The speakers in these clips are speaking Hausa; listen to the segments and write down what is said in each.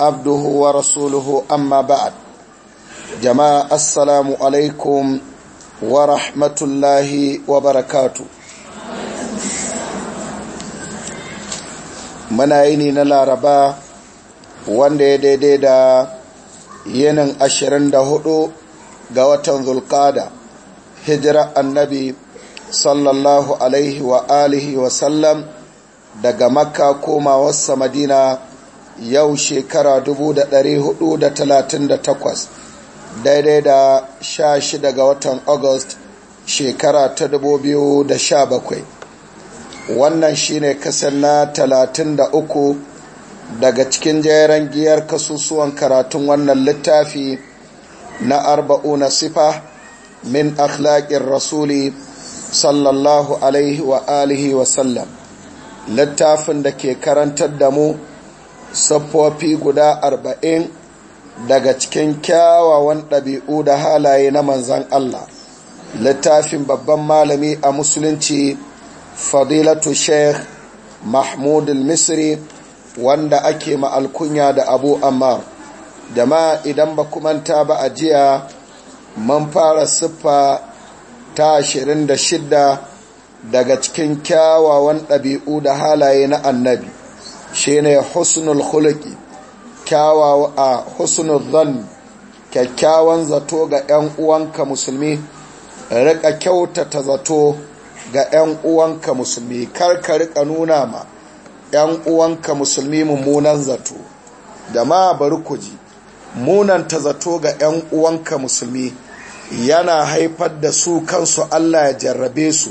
عبده ورسوله أما بعد جماعة السلام عليكم ورحمة الله وبركاته من منايني نلاربا وانده دي دي دا ينن أشرن دهدو هدو ذو القادة هجرة النبي صلى الله عليه وآله وسلم sallam daga makka komawarsa madina yau shekara 438 daidai da 16 ga watan august shekara ta 2017 wannan shine kasar na 33 daga cikin jeren giyar kasusuwan karatun wannan littafi na arba'una sifa min akhlaƙin rasuli sallallahu alaihi wa alihi wa sallam littafin da ke karantar da mu saffofi guda arba'in daga cikin kyawawan ɗabi'u da halaye na manzan Allah littafin babban malami a musulunci fadilatu sheikh mahmud misri wanda ake ma'alkunya da abu ammar jama'a idan ba kumanta ba a jiya man fara siffa ta 26 daga cikin kyawawan ɗabi'u da halaye na annabi shine husnul khuluqi kyawawa a husnul zan kyakkyawan zato ga 'yan uwanka musulmi rika kyautata zato ga 'yan uwanka musulmi karka rika nuna ma 'yan uwanka musulmi mummunan zato da ma bari ku ji munanta zato ga 'yan uwanka musulmi yana haifar da su kansu Allah ya jarrabe su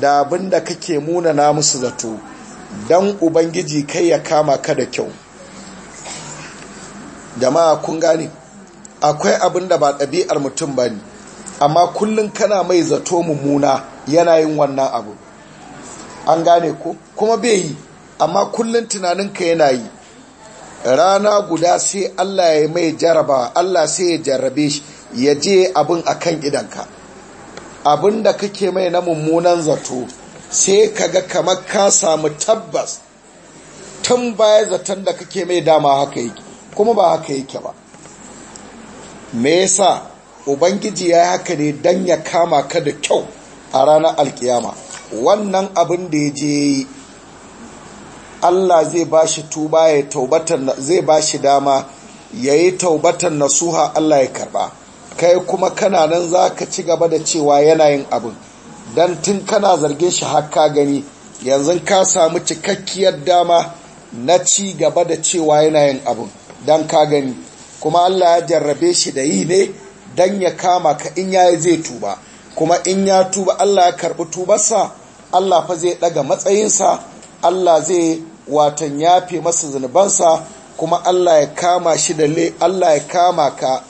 da abinda da kake munana musu zato don ubangiji kai ya kama ka da kyau jama'a kun gane akwai abin da ba ɗabi'ar mutum ba ne amma kullum kana mai zato mummuna yana wannan abu an gane ko kuma bai yi amma kullum tunaninka yana yi rana guda sai allah ya mai jaraba allah sai ya jarrabe shi ya je abin a kan idanka abin da kake mai na mummunan zato sai ka ga kamar ka samu tabbas tun baya zaton da kake mai dama haka yake kuma ba haka yake ba me yasa ubangiji ya yi haka ne don ya kama ka da kyau a ranar alkiyama wannan abin da ya je yi Allah zai ba shi tuba ya taubatan zai ba shi dama ya yi taubatan nasuha Allah ya karba kai kuma kana nan za ka ci gaba da cewa yanayin abin don tun kana zargin shi haka gani yanzu ka samu cikakkiyar dama na ci gaba da cewa yana yin abu don ka gani kuma Allah ya jarrabe shi da yi ne don ya kama ka in ya yi zai tuba kuma in ya tuba Allah ya karɓi tubarsa Allah fa zai ɗaga matsayinsa Allah zai watan yafe masa zunubansa kuma Allah ya kama shi da Allah ya kama ka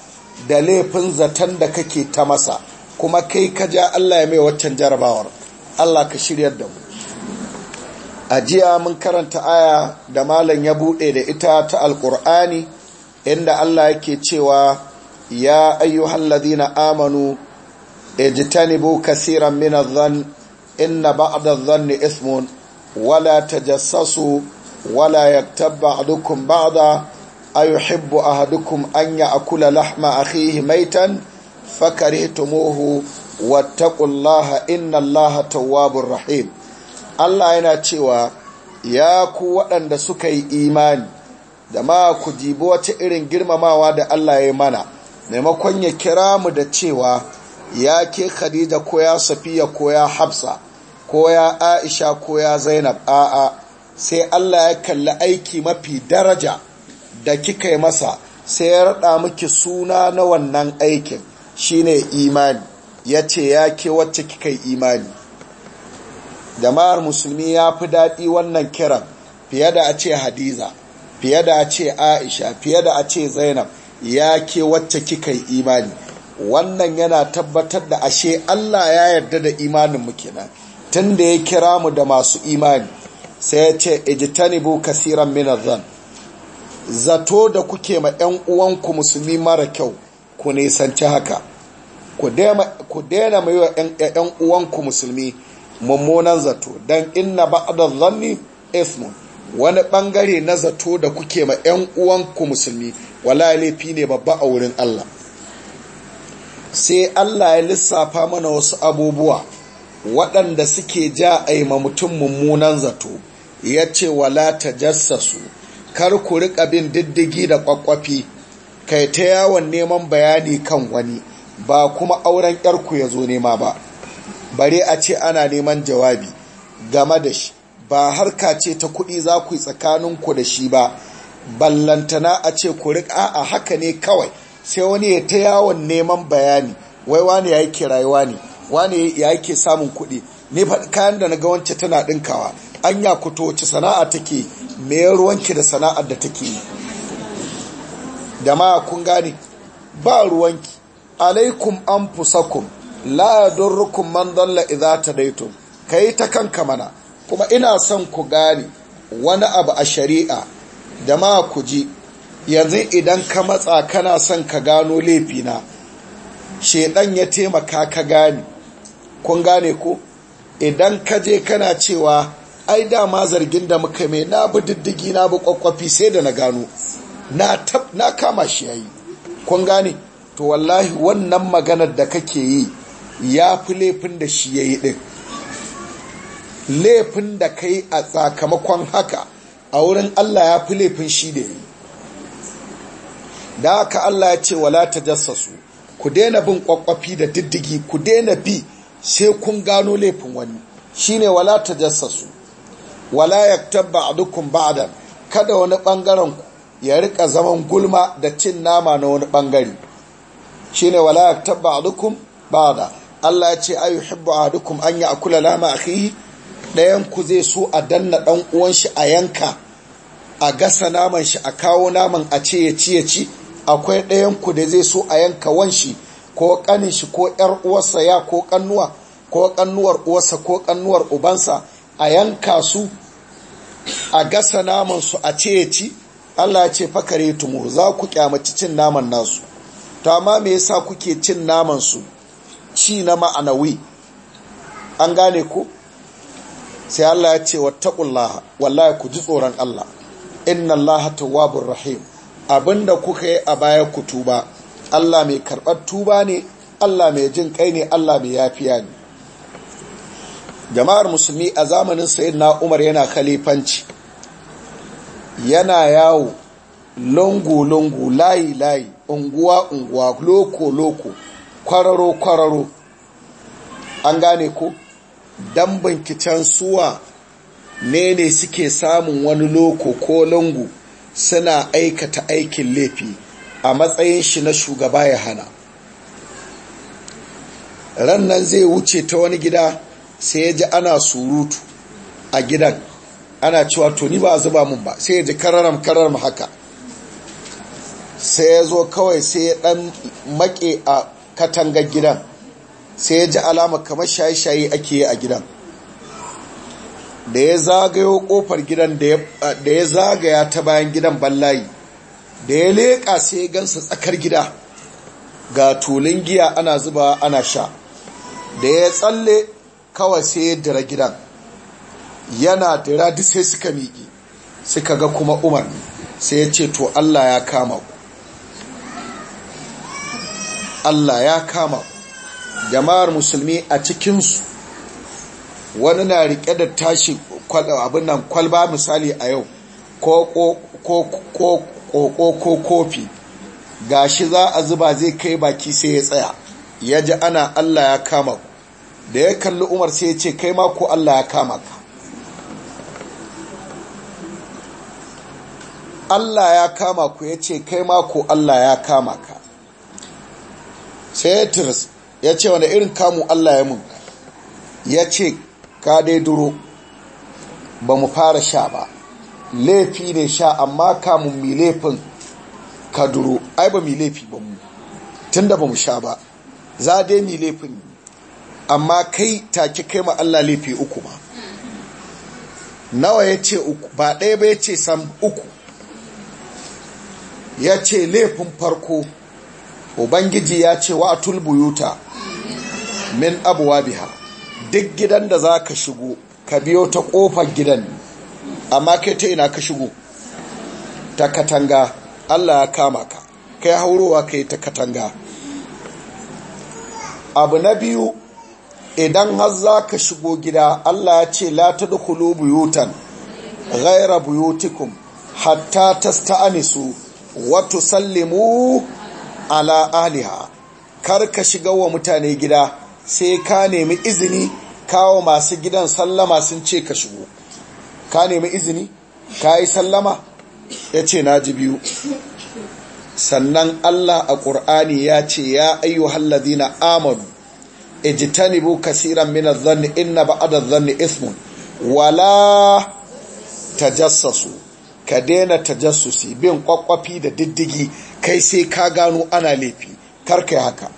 da laifin zaton da kake ta masa kuma kai ka ja Allah ya mai waccan jarabawar Allah ka shiryar da mu a jiya mun karanta aya da malam ya bude da ita ta alkur'ani inda Allah yake cewa ya ayyuhal ladina amanu ijtanibu kaseeran min adh-dhann inna ba'da adh ne ismun wala ta tajassasu wala yaktab ba'dukum ba'da ayuhibbu ahadukum an ya'kula lahma akhihi maitan fakarihtumuhu wattaqullaha innallaha tawwabur rahim Allah yana cewa ya ku waɗanda suka yi imani da ma ku jibo wata irin girmamawa da Allah ya mana maimakon ya kira mu da cewa ya ke Khadija ko ya Safiya ko ya Hafsa ko ya Aisha ko ya Zainab a'a sai Allah ya kalli aiki mafi daraja da kika yi masa sai ya raɗa miki suna na wannan aikin shine imani ya ce ya ke wacce kika yi imani jama'ar musulmi ya fi daɗi wannan kiran fiye da a ce hadiza fiye da a ce aisha fiye da a ce zainab ya ke wacce kika yi imani wannan yana tabbatar da ashe allah ya yarda da imanin mu kenan tun da ya kira mu da masu imani sai ya ce ijtanibu kasiran zan. zato da kuke ma 'yan uwanku musulmi mara kyau ku nisanci haka ku daina mai wa ‘yan uwanku musulmi mummunan zato don inna a zanni ismun wani ɓangare na zato da kuke ma ‘yan uwanku musulmi wala laifi ne babba a wurin Allah sai Allah ya lissafa mana wasu abubuwa waɗanda suke ja a ma mutum mummunan zato ya ce wala ta su, kar ku riƙa bin diddigi da ƙwaƙwafi kai ta yawon neman bayani kan wani ba kuma auren yarku ya zo nema ba bare a ce ana neman jawabi game da shi ba harka ce ta kuɗi za ku yi tsakaninku da shi ba ballantana a ce ku riƙa a haka ne kawai sai wani ya ta yawon neman bayani wai wani ya yake rayuwa ne wani ya yake samun kuɗi ne kayan da na ga wance tana ɗinkawa an ya kuto wace sana'a take me ruwanki da sana'ar da take yi da ma kun gane ba ruwanki alaikum anfusakum la yadurrukum man dalla idza tadaitum kai ta kanka mana kuma ina son ku gane wani abu a shari'a da ma ku ji yanzu idan ka matsa kana son ka gano laifina shedan ya taimaka ka gane kun gane ko idan ka je kana cewa ai dama zargin da muka mai na bi diddigi na bi kwakwafi sai da na gano na kama shi yayi kun gane to wallahi wannan maganar da kake yi ya fi laifin da shi yayi din laifin da kai a sakamakon haka a wurin Allah ya fi laifin shi da yi da haka Allah ya ce wala tajassasu ku daina bin kwakwafi da diddigi ku daina bi sai kun gano laifin wani shine wala tajassasu wala a ba'dukum ba'dan kada wani bangaren ku ya rika zaman gulma da cin nama na wani bangare shine wala yaktaba alukum ba'da Allah ya ce ayu hibbu ahadukum an yi a lama khihi dayan ku zai so a danna ɗan uwan shi a yanka a gasa naman shi a kawo naman a ce ya ci ya ci akwai ɗayan ku da zai so a yanka wanshi ko ƙanin shi ko yar uwarsa ya ko kannuwa ko kannuwar uwarsa ko kannuwar ubansa a yanka su a gasa naman su a ce ya ci Allah ya ce fakare tumu za ku kyamaci cin naman nasu to amma me yasa kuke cin naman su ci na ma'anawi an gane ku sai Allah ya ce wattaqullaha wallahi ku ji tsoron Allah inna Allaha tawwabur rahim abinda kuka yi a baya ku tuba Allah mai karɓar tuba ne Allah mai jin kai ne Allah mai yafiya ne jama'ar musulmi a zamanin sayyidina Umar yana khalifanci yana yawo longo-longo layi-layi unguwa-unguwa loko-loko kwararo-kwararo an gane ko don kicin suwa ne ne suke samun wani loko ko longo suna aikata aikin laifi a matsayin shi na shugaba ya hana rannan zai wuce ta wani gida sai ya ji ana surutu a gidan ana cewa to ni ba a zuba mun ba sai ya ji kararam kararam haka sai ya zo kawai sai ya dan make a katangar gidan sai ya ji alama kamar shaye-shaye ake yi a gidan da ya zagayo kofar gidan da ya zagaya ta bayan gidan ballayi da ya leƙa sai ya gansa tsakar gida ga tulun giya ana zuba ana sha da ya tsalle kawai sai ya dira gidan yana da duk sai suka miƙi suka ga kuma umar sai ya ce to Allah ya kama ku Allah ya kama jama'ar musulmi a cikinsu wani na riƙe da tashi abin kwalba misali a yau ko kofi ga shi za a zuba zai kai baki sai ya tsaya ya ji ana Allah ya kama ku da ya kalli umar sai ya ce kai ma ku Allah ya kama ka Allah ya kama ku ya ce kai mako ko Allah ya kama ka sai ya ce wanda irin kamu Allah ya mun ya ce ka dai duro ba mu fara sha ba laifi ne sha amma kamun mi laifin ka duro ai ba mi laifi ba mu tun da ba mu sha ba za dai mi laifin amma kai take kai ma Allah laifi uku ba nawa ya ce uku ba ɗaya ba ya ce sam uku ya ce laifin farko ubangiji ya ce wa tulbuyuta min abuwa biha duk gidan da za ka shigo ka biyo ta kofar gidan amma kai ta ina ka shigo ta katanga allah ya kama ka kai haurowa yi ta katanga abu na biyu idan har za ka shigo gida allah ya ce lati da dukulu buyutan gaira buyutukun hatta ta sta'anisu wato sallimu ala aliha kar ka shiga wa mutane gida sai ka nemi izini kawo masu gidan sallama sun ce ka shigo ka nemi izini ka yi sallama ya ce na ji biyu sannan Allah a ƙur'ani ya ce ya ayyu halladina amanu ijitanibu kasiran min adh inna ba'ada zanni dhanni ithmun wala tajassasu ka daina tajassusi bin kwakwafi da diddigi kai sai ka gano ana laifi kar kai haka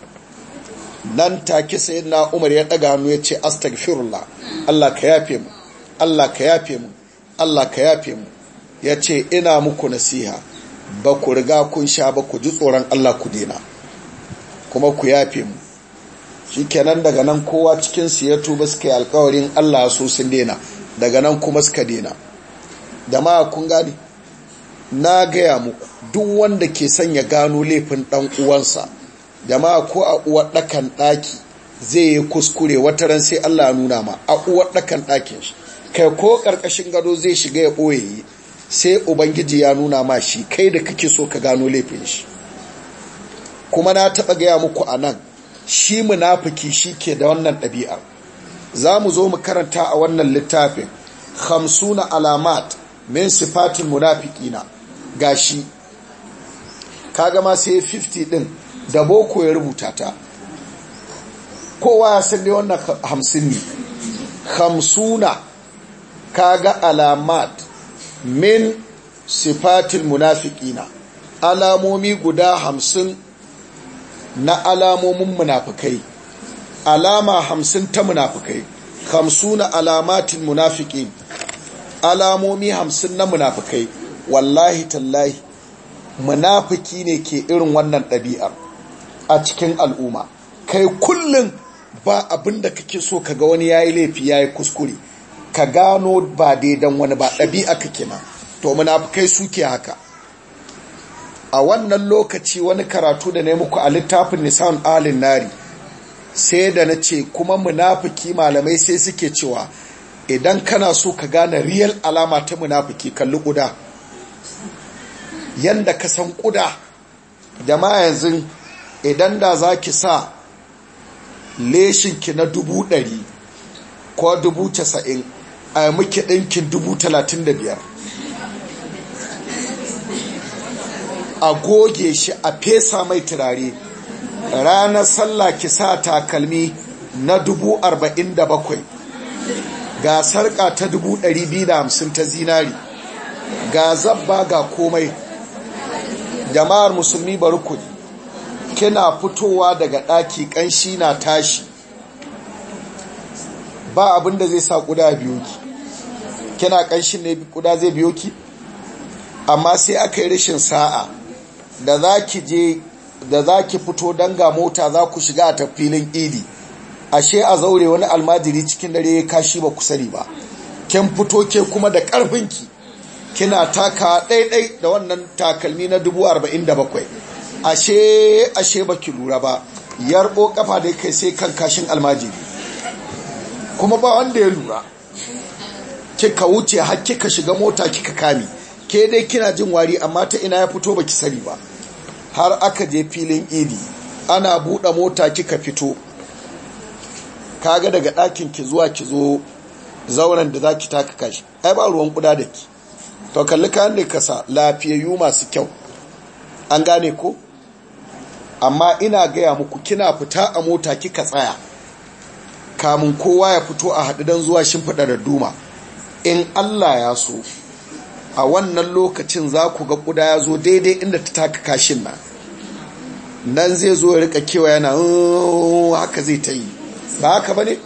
nan take sai na umar ya daga hannu ya ce astaghfirullah Allah ka yafe mu Allah ka yafe mu Allah ka yafe mu ya ce ina muku nasiha ba ku riga kun sha ba ku ji tsoron Allah ku daina kuma ku yafe mu kenan daga nan kowa cikin ya tuba suka yi alkawarin Allah so sun daina daga nan kuma suka daina. da ma kun gane na gaya muku duk wanda ke sanya gano laifin dan uwansa da ma ko a uwar dakan daki zai yi kuskure wata ran sai Allah nuna ma a uwar dakan dakin shi kai ko karkashin gado zai shiga ya boye sai ubangiji ya nuna ma shi kai da kake so ka gano laifin shi kuma na taba gaya muku anan shi munafiki shi ke da wannan ɗabi'a za mu zo mu karanta a wannan littafin 50 alamat min sifatul munafiqina gashi kaga ma sai 50 din da boko ya rubuta ta kowa ya san wannan 50 ne khamsuna kaga alamat min sifatul munafiqina alamomi guda 50 na alamomin munafikai alama hamsin ta munafikai 50 alamatin munafiqin alamomi hamsin na munafikai wallahi tallahi munafuki ne ke irin wannan ɗabi'ar a cikin al'umma kai kullum ba abin da kake so ka ga wani yayi laifi yayi kuskure ka gano ba daidan wani ba ɗabi'a kake na to munafikai suke haka a wannan lokaci wani karatu da na yi muku a littafin nisan alin nari sai da na ce kuma munafuki malamai sai suke cewa idan kana so ka gane riyal alama ta munafiki kalli ƙuda yanda ka san ƙuda jama'a yanzu idan da za ki sa leshinki na dubu ɗari ko dubu casa'in a muke ɗinkin dubu talatin da biyar a goge shi a fesa mai turare ranar sallah ki sa takalmi na dubu arba'in da bakwai ga sarka ta hamsin ta zinari ga zabba ga komai jama'ar musulmi barkuni kina fitowa daga ɗaki ƙanshi na tashi ba abinda zai sa ƙuda biyo ki kina ƙanshi ne ƙuda zai biyo ki amma sai aka yi rashin sa'a da za ki je da za ki fito don ga mota za ku shiga a tafilin idi ashe a zaure wani almajiri cikin dare ya kashi ba kusari ba kin fito ke kuma da karfinki kina taka ɗaiɗai da wannan takalmi na 47 ashe ashe baki lura ba Yarɓo ƙafa da kai sai kan kashin almajiri kuma ba wanda ya lura kika wuce har kika shiga mota kika kame ke dai kina jin wari amma ta ina ya fito baki sani ba har aka je filin idi ana buɗe mota kika fito kaga daga ɗakin ki zuwa ki zo zauren da za ki taka kashi ai ba ruwan kuda da ki to kalli kayan da kasa lafiyayyu masu kyau an gane ko amma ina gaya muku kina fita a mota kika tsaya kamun kowa ya fito a haɗu don zuwa shimfiɗa da duma in allah ya so a wannan lokacin za ku ga kuda ya zo daidai inda ta taka kashin nan nan zai zo ya rika kewa yana haka zai ta yi ba haka ba ne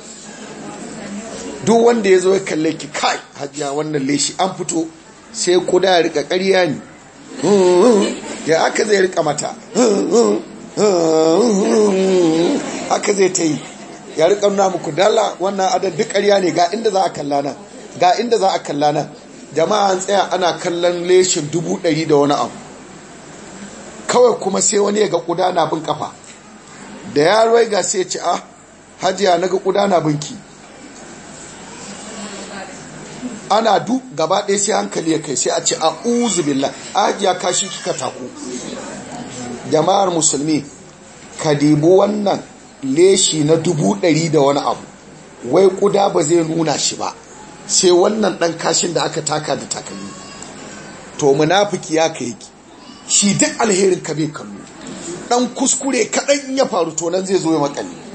duk wanda ya zo ya kalle ki kai hajiya wannan leshi an fito sai kuda ya rika ƙarya ne ya aka zai rika mata aka zai ta yi ya rika nuna muku dala wannan adan duk ƙarya ne ga inda za a kalla nan ga inda za a kalla nan jama'a an tsaya ana kallon leshin dubu ɗari da wani abu kawai kuma sai wani ya ga kuda na bin kafa da yaro ga sai ya ce ah hajiya na ga ƙuda na binki ana du gaba ɗaya sai hankali ya kai sai a ce a uzubillah ajiya kashi kika taku jama'ar musulmi ka debi wannan leshi na dubu ɗari da wani abu wai ƙuda ba zai nuna shi ba sai wannan ɗan kashin da aka taka da takalmi to munafiki ya ka yake shi duk alherin ka bai kallo ɗan kuskure kaɗan ya faru to nan zai zo ya makale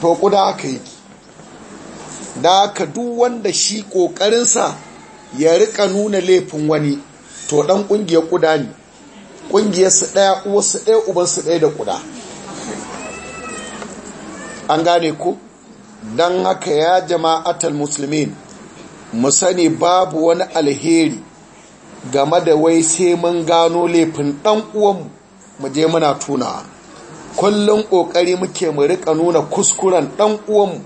to kuda aka yi da aka duk wanda shi ƙoƙarinsa ya rika nuna laifin wani to ɗan ƙungiyar kuda ne su ɗaya uwarsu ɗaya su ɗaya da kuda an gane ku, don haka ya jama'atar musulmin mu sani babu wani alheri game da wai sai mun gano laifin ɗan uwanmu mu je muna tunawa kullum ƙoƙari muke mu rika nuna kuskuren dan uwanmu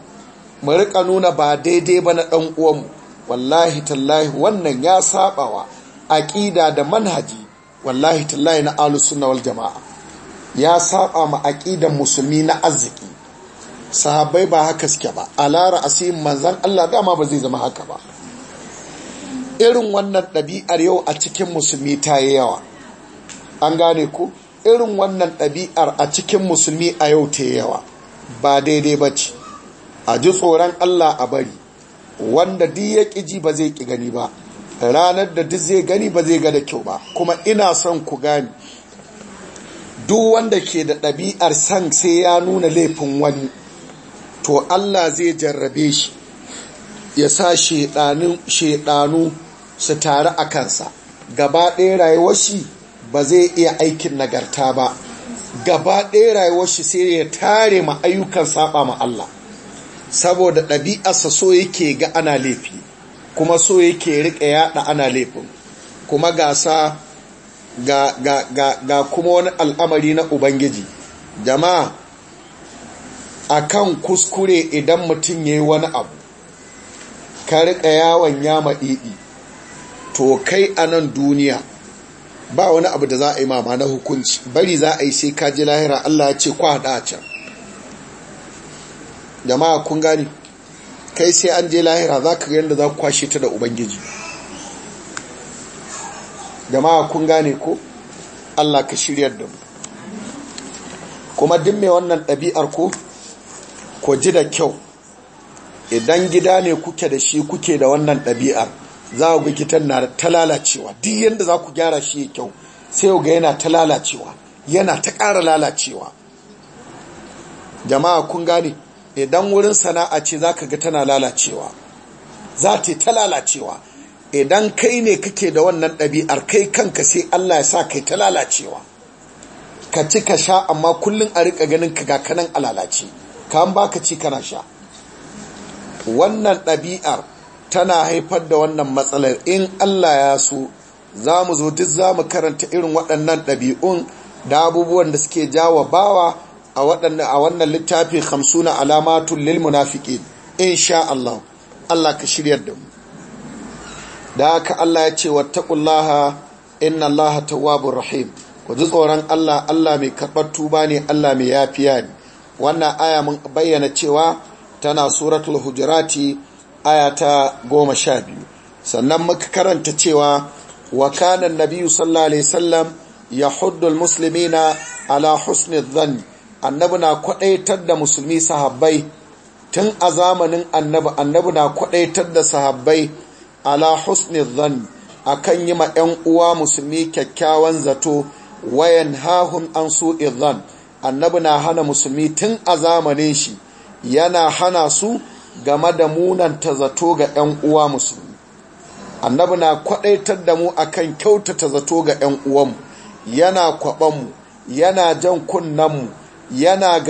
mu rika nuna ba daidai ba na ɗan uwanmu wallahi tallahi wannan ya saɓawa aƙida da manhaji wallahi tallahi na alusunna wal jama'a ya saɓa ma aƙidan musulmi na arziki sahabbai ba haka suke ba a lara asirin manzan Allah dama ba zai zama haka ba irin wannan ɗabi'ar yau a cikin musulmi ta yi yawa an gane ku irin wannan ɗabi'ar a cikin musulmi a yau ta yawa ba daidai ba ce a ji tsoron Allah a bari wanda duk ya ƙiji ba zai ƙi gani ba ranar da duk zai gani ba zai ga da kyau ba kuma ina son ku gani duk wanda ke da ɗabi'ar san sai ya nuna laifin wani to Allah zai jarrabe shi ya sa shaiɗanu su tare a kansa gaba ɗaya rayuwar shi ba zai iya aikin nagarta ba gaba ɗaya rayuwar shi sai ya tare ma ayyukan saba ma Allah saboda ɗabi'arsa so yake ga ana laifi kuma so yake riƙe yaɗa ana laifin kuma gasa ga, ga, ga, ga kuma wani al'amari na ubangiji jama'a kan kuskure idan mutum ya wani abu ka riƙe yawon yama ɗiɗi to kai a nan duniya ba wani abu da za a yi mama na hukunci bari za a yi sai ka ji lahira Allah ya ce kwa hada a can jama'a kun gani kai sai an je lahira za ka yadda za ku kwashe ta da ubangiji jama'a kun gane ko Allah ka shiryar da mu kuma duk mai wannan ɗabi'ar ko ko ji da kyau idan gida ne kuke da shi kuke da wannan ɗabi'ar za ku ga na ta lalacewa duk yadda za ku gyara shi ya kyau sai ga yana ta lalacewa yana ta ƙara lalacewa jama'a kun gane idan wurin sana'a ce za ka ga tana lalacewa za ta ta lalacewa idan kai ne kake da wannan ɗabi'ar kai kanka sai allah ya sa kai ta lalacewa ka ci ka sha amma kullum a riƙa ganin ka ga kanan a lalace ka an baka ci kana sha wannan ɗabi'ar tana haifar da wannan matsalar in Allah ya so za mu zo duk za mu karanta irin waɗannan ɗabi'un da abubuwan da suke jawa bawa a wannan littafi hamsuna alamatun lil munafiqin insha Allah Allah ka shiryar da mu da haka Allah ya ce wattaqullaha inna Allaha tawwabur rahim ku ji tsoron Allah Allah mai karɓar tuba ne Allah mai yafiya ne wannan aya mun bayyana cewa tana suratul hujurati aya ta goma sha biyu sannan muka karanta cewa wa kana nabiyu sallallahu alaihi wasallam musulmi na ala husni dhann annabi na kwadaitar da musulmi sahabbai tun a zamanin annabi annabi na kwadaitar da sahabbai ala husni a kan yi ma ƴan uwa musulmi kyakkyawan zato wayan hahun an su irzan annabi na hana musulmi tun a zamanin shi yana hana su game da munanta zato ga 'yan uwa musulmi annabi na kwadaitar da mu akan kyautata zato ga 'yan uwanmu yana kwabanmu yana jan mu. yana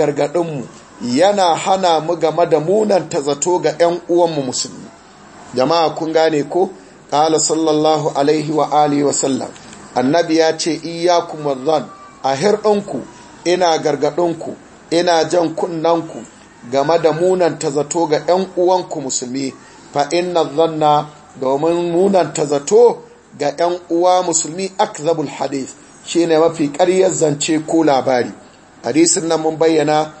mu. yana hana mu game da munanta zato ga 'yan uwanmu musulmi jama'a kun gane ko qala sallallahu alaihi wa alihi wa sallam annabi ya ce iyyakum wazan a hirɗinku ina ku ina jan kunnanku game da munanta zato ga 'yan uwanku musulmi fa inna zanna domin munanta zato ga 'yan uwa musulmi akzabul hadith shine mafi ƙaryar zance ko labari hadisin nan mun bayyana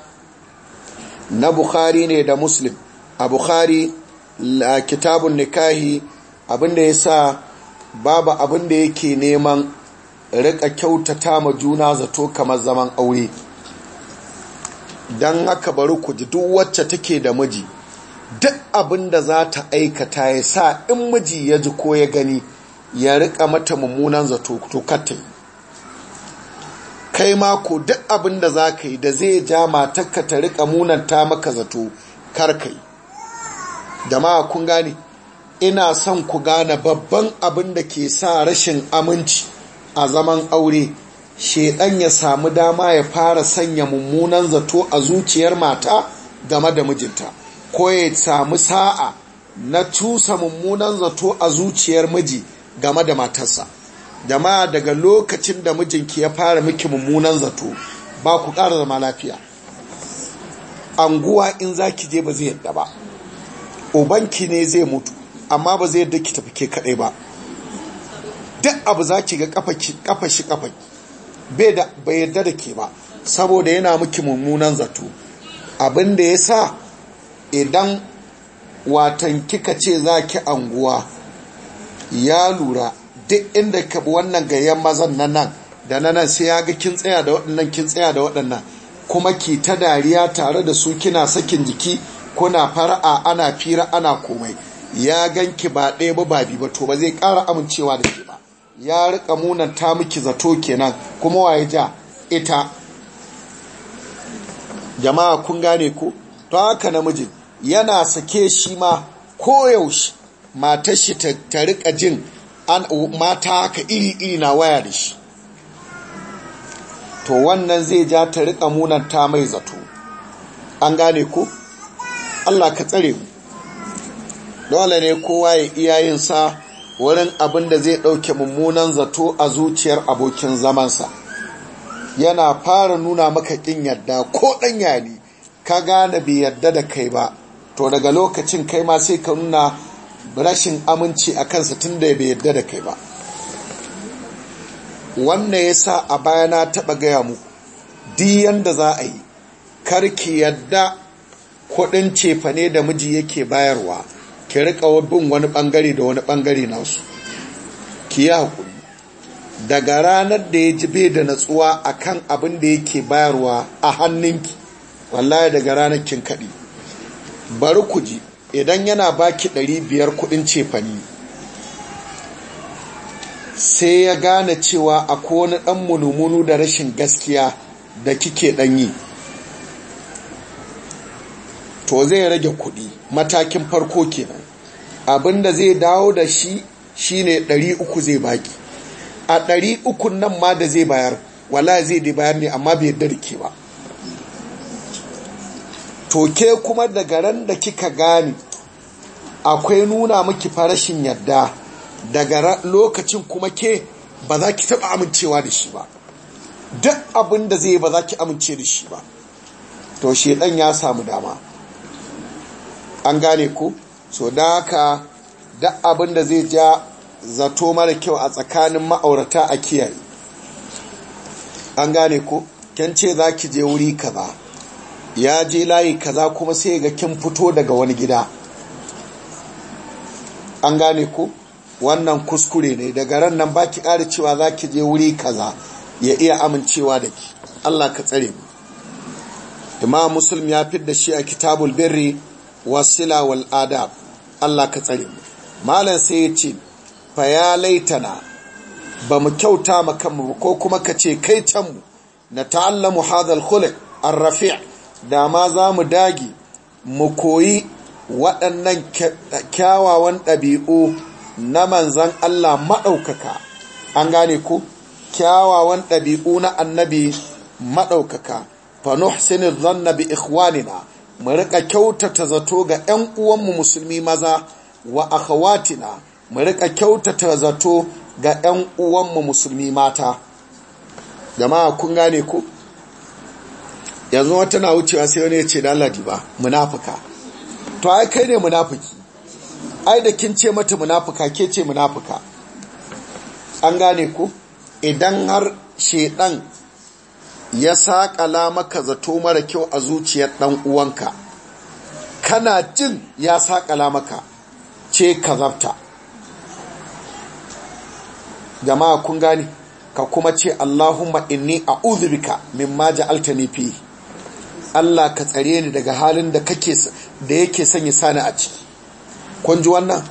na bukhari ne da muslim a bukhari la kitabun nikahi abinda ya sa babu abinda yake neman rika kyautata ma juna zato kamar zaman aure don haka bari ku ji duk wacce take da miji duk abin da za ta aikata ya sa in miji ya ji ko ya gani ya rika mata mummunan zato tokatai kai mako duk abin da za ka yi da zai ja matakka ta rika ta maka zato karkai da ma kun gane ina son ku gane babban abin da ke sa rashin aminci a zaman aure shedan ya samu dama ya fara sanya mummunan zato a zuciyar mata game da mijinta ko ya samu sa'a na cusa mummunan zato a zuciyar miji game da matarsa jama'a daga lokacin da mijinki ya fara miki mummunan zato ba ku ƙara zama lafiya anguwa in za ki je ba zai yadda ba ubanki ne zai mutu amma ba zai yadda ki tafi ke kaɗai ba duk abu za ki ga kafa shi kafa bai da yarda da ke ba saboda yana miki mummunan zato abin da ya sa idan watan kika ce za ki anguwa ya lura duk inda ka wannan gayen mazan na nan da na nan sai ya ga kin tsaya da waɗannan kin tsaya da waɗannan kuma ki ta dariya tare da su kina sakin jiki kuna fara'a ana fira ana komai ya ganki ba ɗaya ba ba biyu ba to ba zai ƙara amincewa da ke ya rika munan ta miki zato kenan kuma waye ja ita jama'a kun gane ko to haka namijin yana sake shi ma koyaushe matar shi ta rika jin an mata haka iri iri na waya da shi to wannan zai ja ta rika munan ta mai zato an gane ko Allah ka tsare mu dole ne kowa ya iya yin sa. wurin abin da zai ɗauke mummunan zato a zuciyar abokin zamansa yana fara nuna maka ƙin yadda ko ɗan yali ka gane bai yadda da kai ba to daga lokacin kai ma sai ka nuna rashin aminci a kansa tun da bai yadda da kai ba wannan ya sa a baya na taɓa gaya mu di da za a yi karki yadda kuɗin cefane da miji yake bayarwa ki rika bin wani bangare da wani bangare nasu ki yi hakuri daga ranar da ya ji bai da natsuwa akan abin da yake bayarwa a hannunki wallahi daga ranar kin kaɗi bari ku ji idan yana baki biyar kuɗin cefani sai ya gane cewa akwai wani ɗan munumunu da rashin gaskiya da kike yi. to zai rage kuɗi matakin farko kenan abinda zai dawo da shi shine uku zai baki a ɗari uku nan ma da zai bayar wala zai da bayar ne amma bai rike ba to ke kuma daga ran da kika gane akwai nuna miki farashin yadda daga lokacin kuma ke ba za ki taɓa amincewa da shi ba duk abin da zai ba za ki amince da shi ba to ɗan ya samu dama an gane ku. so da haka da abin da zai ja zato mara kyau a tsakanin ma'aurata a kiyaye an gane ko kyan ce za ki je wuri kaza ya je layi kaza kuma sai ga kin fito daga wani gida an gane ko wannan kuskure ne daga ran nan ba ki ƙara cewa za ki je wuri kaza ya iya amincewa da ki Allah ka tsare mu imam muslim ya fi da shi a kitabul birri wasila wal adab Allah ka tsare malam sai ya ce fa ya laitana ba mu kyauta ma kanmu ko kuma ka ce kai can mu na ta'allamu hadal khuluq ar-rafi' da ma za mu dage mu koyi waɗannan kyawawan ɗabi'u na manzan Allah maɗaukaka an gane ku kyawawan ɗabi'u na annabi maɗaukaka fa nuhsinu dhanna bi ikhwanina mu riƙa kyautata zato ga 'yan uwanmu musulmi maza wa akhawatina mu riƙa kyautata zato ga 'yan uwanmu musulmi mata jama'a kun gane ku yanzu wata na wucewa sai wani ya ce Allah ba munafuka to ai kai ne munafuki ai da kin ce mata munafuka ke ce munafuka an gane ku idan har shedan ya saƙala maka zato mara kyau a zuciyar ɗan uwanka kana jin ya saƙala maka ce ka zabta jama'a kun gani ka kuma ce Allahumma inni a'udhu bika mimma ja'altani altanifi' Allah ka tsare ni daga halin da kake da yake sanya sani a ciki kun ji wannan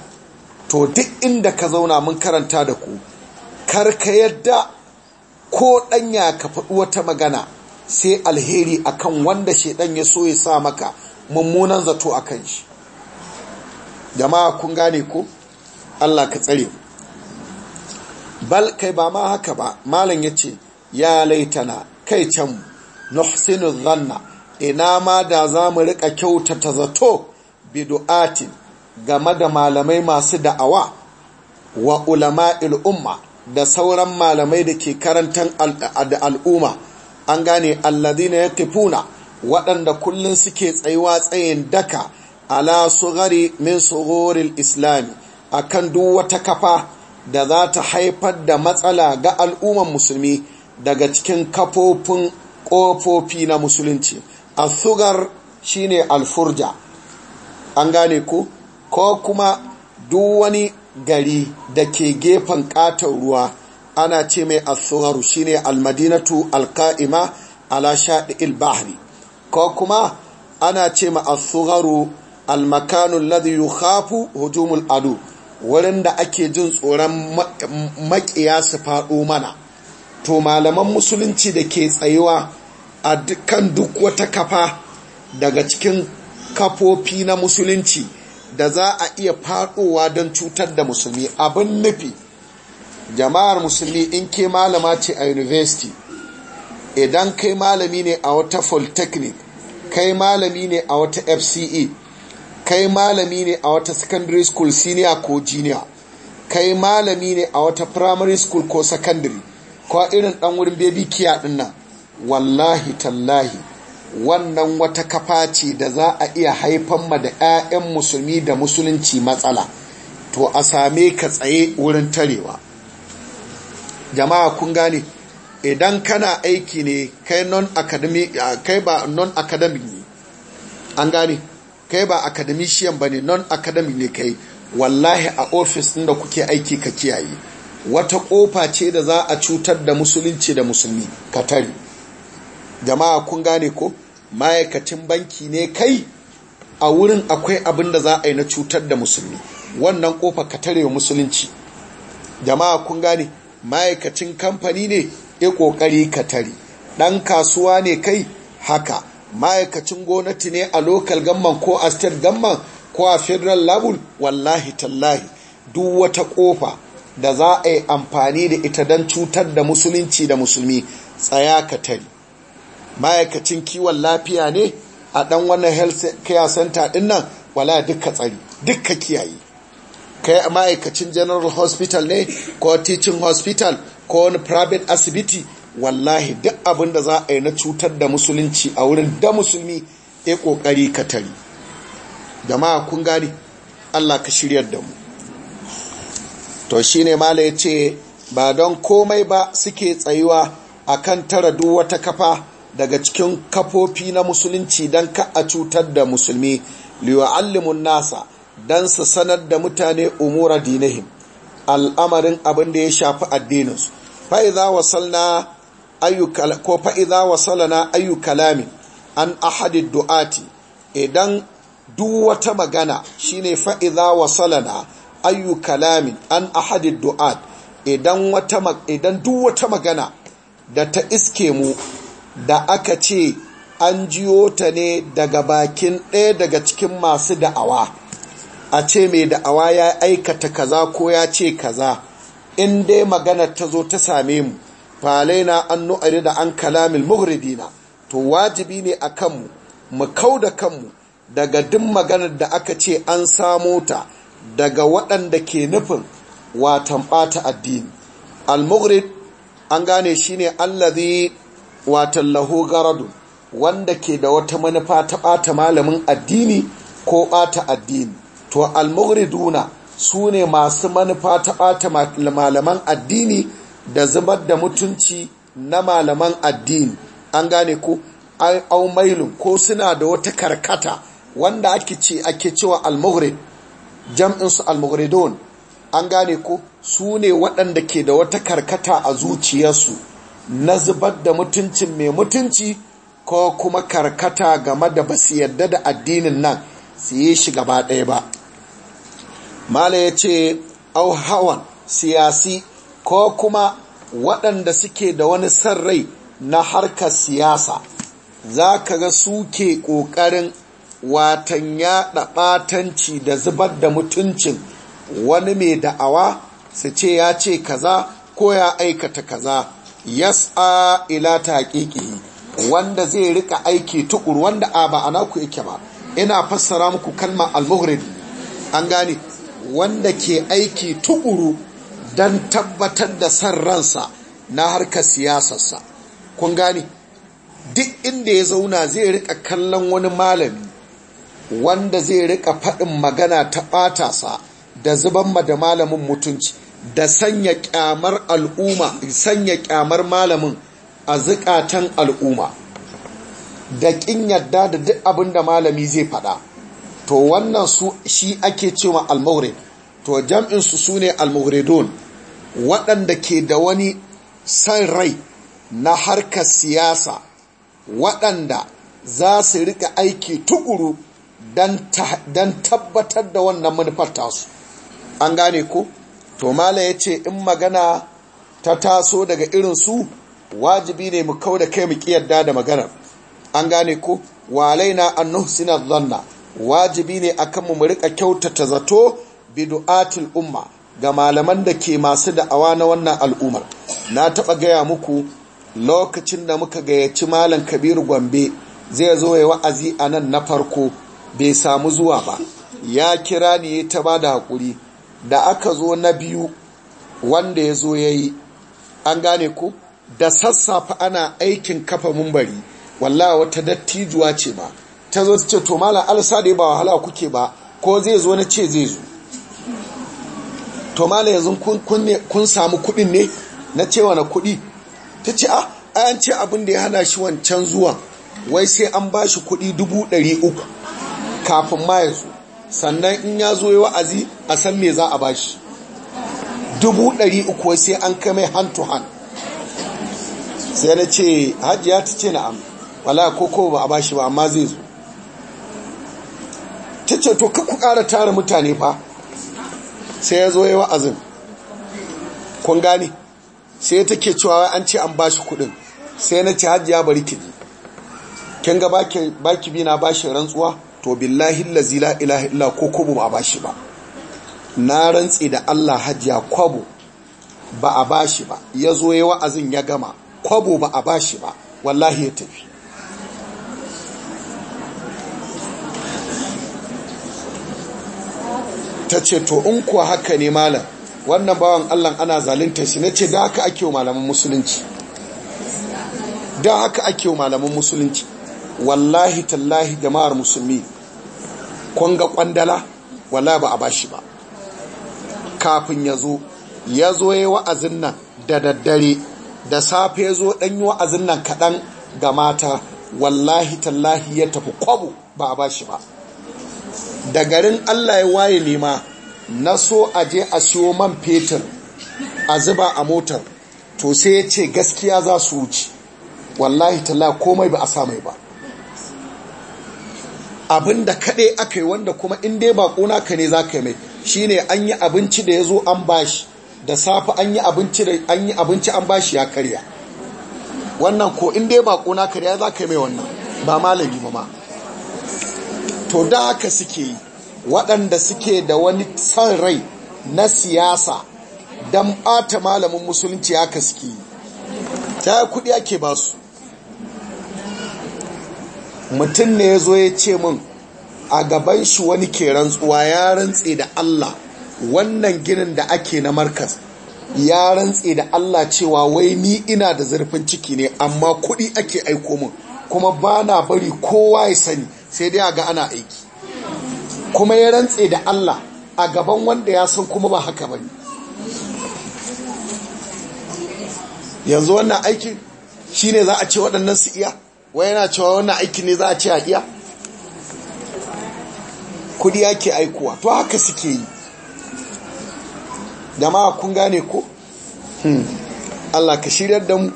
to duk inda ka zauna mun karanta da ku kar ka yadda ko ɗanya ka faɗi wata magana sai alheri akan wanda shaidan ya so ya sa maka mummunan zato a shi jama'a kun gane ko Allah ka tsare bal kai ba ma haka ba malam ya ce ya laitana kai can nuhsinu zanna ina ma da za mu rika kyautata zato bidu'atin game da malamai masu da'awa wa ulama'il umma da sauran malamai da ke karantar al'umma an gane alladina ya kifuna waɗanda kullum suke tsayuwa tsayin daka ala sugari min sugorin islami akan duk wata kafa da za ta haifar da matsala ga al'umman musulmi daga cikin kafofin ƙofofi na musulunci a sugar shine alfurja an gane ku ko kuma duk wani gari da ke gefen katon ruwa ana ce mai asuwaru shine almadinatu alka'ima ala shaɗi'il bahri ko kuma ana ce ma asuwaru almakanun Ladiyu, Hafu, hujumul adu wurin da ake jin tsoron makiya su faɗo mana to malaman musulunci da ke tsayuwa a kan duk wata kafa daga cikin kafofi na musulunci da za a iya faɗowa don cutar da musulmi abin nufi jama'ar musulmi in ke malama ce a university idan kai malami ne a wata polytechnic kai malami ne a wata fce kai malami ne a wata secondary school senior ko junior kai malami ne a wata primary school ko secondary ko irin dan wurin baby kiya dinnan wallahi tallahi wannan wata kafa ce da za a iya haifan ma da 'ya'yan musulmi da musulunci matsala to a same ka tsaye wurin tarewa jama'a kun gane idan kana aiki ne kai non academic kai ba non academic ne an gane kai ba academician ne, non academic ne kai wallahi a ofis ɗin da kuke aiki ka kiyaye wata kofa ce da za a cutar da musulunci da musulmi ka tare jama'a kun gane ko ma'aikacin banki ne kai a wurin akwai abin da za a yi na cutar da musulmi wannan kofa ka tare musulunci jama'a kun gane ma'aikacin kamfani ne ya kokari ka tare Ɗan kasuwa ne kai haka ma'aikacin gonati ne a lokal gamman ko a state gamman ko a federal level wallahi tallahi duk wata kofa da za a yi amfani da ita don cutar da musulunci da musulmi tsaya ka tare ma'aikacin kiwon lafiya ne a ɗan wannan health care center din nan wala dukka tsari dukka kiyaye kai ma'aikacin general hospital ne ko teaching hospital ko wani private asibiti wallahi duk abin da za a yi na cutar da musulunci a wurin da musulmi ya e kokari ka tari jama'a kun gani Allah ka shirya da mu to shine mala yace ba don komai ba suke tsayuwa akan tara duk wata kafa daga cikin kafofi na musulunci don ka a cutar da musulmi liwa'allimun nasa don su sanar da mutane umura dinihim al'amarin abin da ya shafi addininsu fa'iza wasalna ko fa'iza ayyukalami an ahadid du'ati idan duk wata magana shine fa'iza wasalana ayyukalamin an ahadid du'at idan duk wata magana da ta iske mu da aka ce an jiyo ta ne daga bakin ɗaya daga cikin masu da'awa a ce mai da'awa ya aikata kaza ko ya ce kaza in dai magana ta zo ta same mu falai na an nu'ari da an kalamil muhridina to wajibi ne a kanmu mu kau da kanmu daga duk maganar da aka ce an samo ta daga waɗanda ke nufin watan ɓata addini al-mughrid an gane shine allazi Wata lahu garadu wanda ke da wata manufa ta ɓata malamin addini ko ɓata addini to almuriduna su ne masu manufa ta ɓata malaman addini da zubar da mutunci na malaman addini an gane ko aumailun ko suna da wata karkata wanda ake ce ake cewa almurid jam'insu almuridun an gane ko su ne waɗanda ke da wata karkata a zuciyarsu na zubar da mutuncin mai mutunci ko kuma karkata game da ba su yadda da addinin nan su yi shi gaba ɗaya ba mala ya ce au siyasi ko kuma waɗanda suke da wani san rai na harkar siyasa za ka ga suke ƙoƙarin watan yaɗa ɓatanci da zubar da mutuncin wani mai da'awa su ce ya ce kaza ko ya aikata kaza yas'a ila taqiqihi wanda zai rika aiki tukur wanda a ba ana ku yake ba ina fassara muku kalma al-muhrid an gane wanda ke aiki tukuru dan tabbatar da san ransa na harkar siyasarsa kun gane duk inda ya zauna zai rika kallon wani malami wanda zai rika faɗin magana ta ɓata da zuban ma da malamin mutunci da sanya kyamar al'umma sanya kyamar malamin a zukatan al'umma da kin yadda da duk abin da malami zai faɗa to wannan su shi ake cewa al to jam'in su sune al-mawridun waɗanda ke da wani san rai na harkar siyasa waɗanda za su rika aiki tukuru dan tabbatar da wannan manufar tasu an gane ko to mala ya ce in magana ta taso daga irinsu wajibi ne mu kau da kai mu kiyarda da maganar an gane ko walaina an sinar zanna wajibi ne akan mu rika kyautata zato bidu'atil umma ga malaman da ke masu da'awa na wannan al'umar na taba gaya muku lokacin da muka gayyaci malam kabiru gombe zai zo ya wa'azi a nan na farko bai samu zuwa ba ya kira ni ta ba da haƙuri da aka zo na biyu wanda ya zo ya yi an gane ku. da sassafa ana aikin kafa mumbari walla wata dattijuwa ce ba ta zo ta ce to mala alsa da ba wahala kuke ba ko zai zo na ce zai zo to mala yanzu kun samu kudin ne na cewa na kudi ta ce a ah, an ce abin da ya hana shi wancan zuwa wai sai an ba shi kudi dubu ɗari uku kafin ma ya zo sannan in ya zo yi wa'azi a san me za a ba shi? dubu ɗari uku sai an kai mai hand to hand sai na ce hajiya ta ce na'am wala koko ba a ba shi ba amma zai zo ta ce to kakku ƙara tara mutane fa sai ya zo yi wa'azin kun gane sai ta ke cewa an ce an ba shi kuɗin sai na ce hajiya bari ki ji kin ga baki bina na shi rantsuwa to billahi allazi la ilaha illa ko kobo ba bashi ba na rantse da Allah hajjia kwabo ba a bashi ba ya zo wa'azin ya gama kwabo ba a bashi ba wallahi ya tafi ta to in kuwa haka ne malam wannan bawan allah ana zalunta shi na ce da haka ake wa malaman musulunci da haka ake wa malaman musulunci wallahi tallahi jama'ar musulmi kwanga kwandala wallahi ba a bashi ba kafin ya zo ya zo ya wa'azin nan da daddare da safe ya zo ɗan yi wa'azin nan kaɗan ga mata wallahi tallahi ya tafi kwabo ba a bashi ba da garin allah ya waye nema na so a je a siyo man fetur a zuba a motar to sai ya ce gaskiya za su wuce wallahi tallahi komai ba a samai ba abin da kaɗai aka yi wanda kuma in dai ba ƙona ka ne za ka yi mai shi ne an yi abinci da ya zo an bashi da safe an yi abinci an bashi ya karya wannan ko in dai ba ƙona ka ne za ka yi mai wannan ba malami ba ma to da haka suke yi waɗanda suke da wani san rai na siyasa don ɓata malamin musulunci haka suke yi ta kuɗi ake ba su mutum ne ya zo ya ce min a gaban shi wani ke rantsuwa ya rantse da Allah wannan ginin da ake na markas ya rantse da Allah cewa wai ni ina da zurfin ciki ne amma kuɗi ake aiko min kuma ba na bari kowa ya sani sai dai ga ana aiki kuma ya rantse da Allah a gaban wanda ya san kuma ba haka bane yanzu wannan aikin shine za a ce waɗannan su iya wai yana cewa wannan aiki ne za a ce a iya kudi ake aikuwa to haka suke yi Da ma kun gane ko hmm. Allah ka shiryar da mu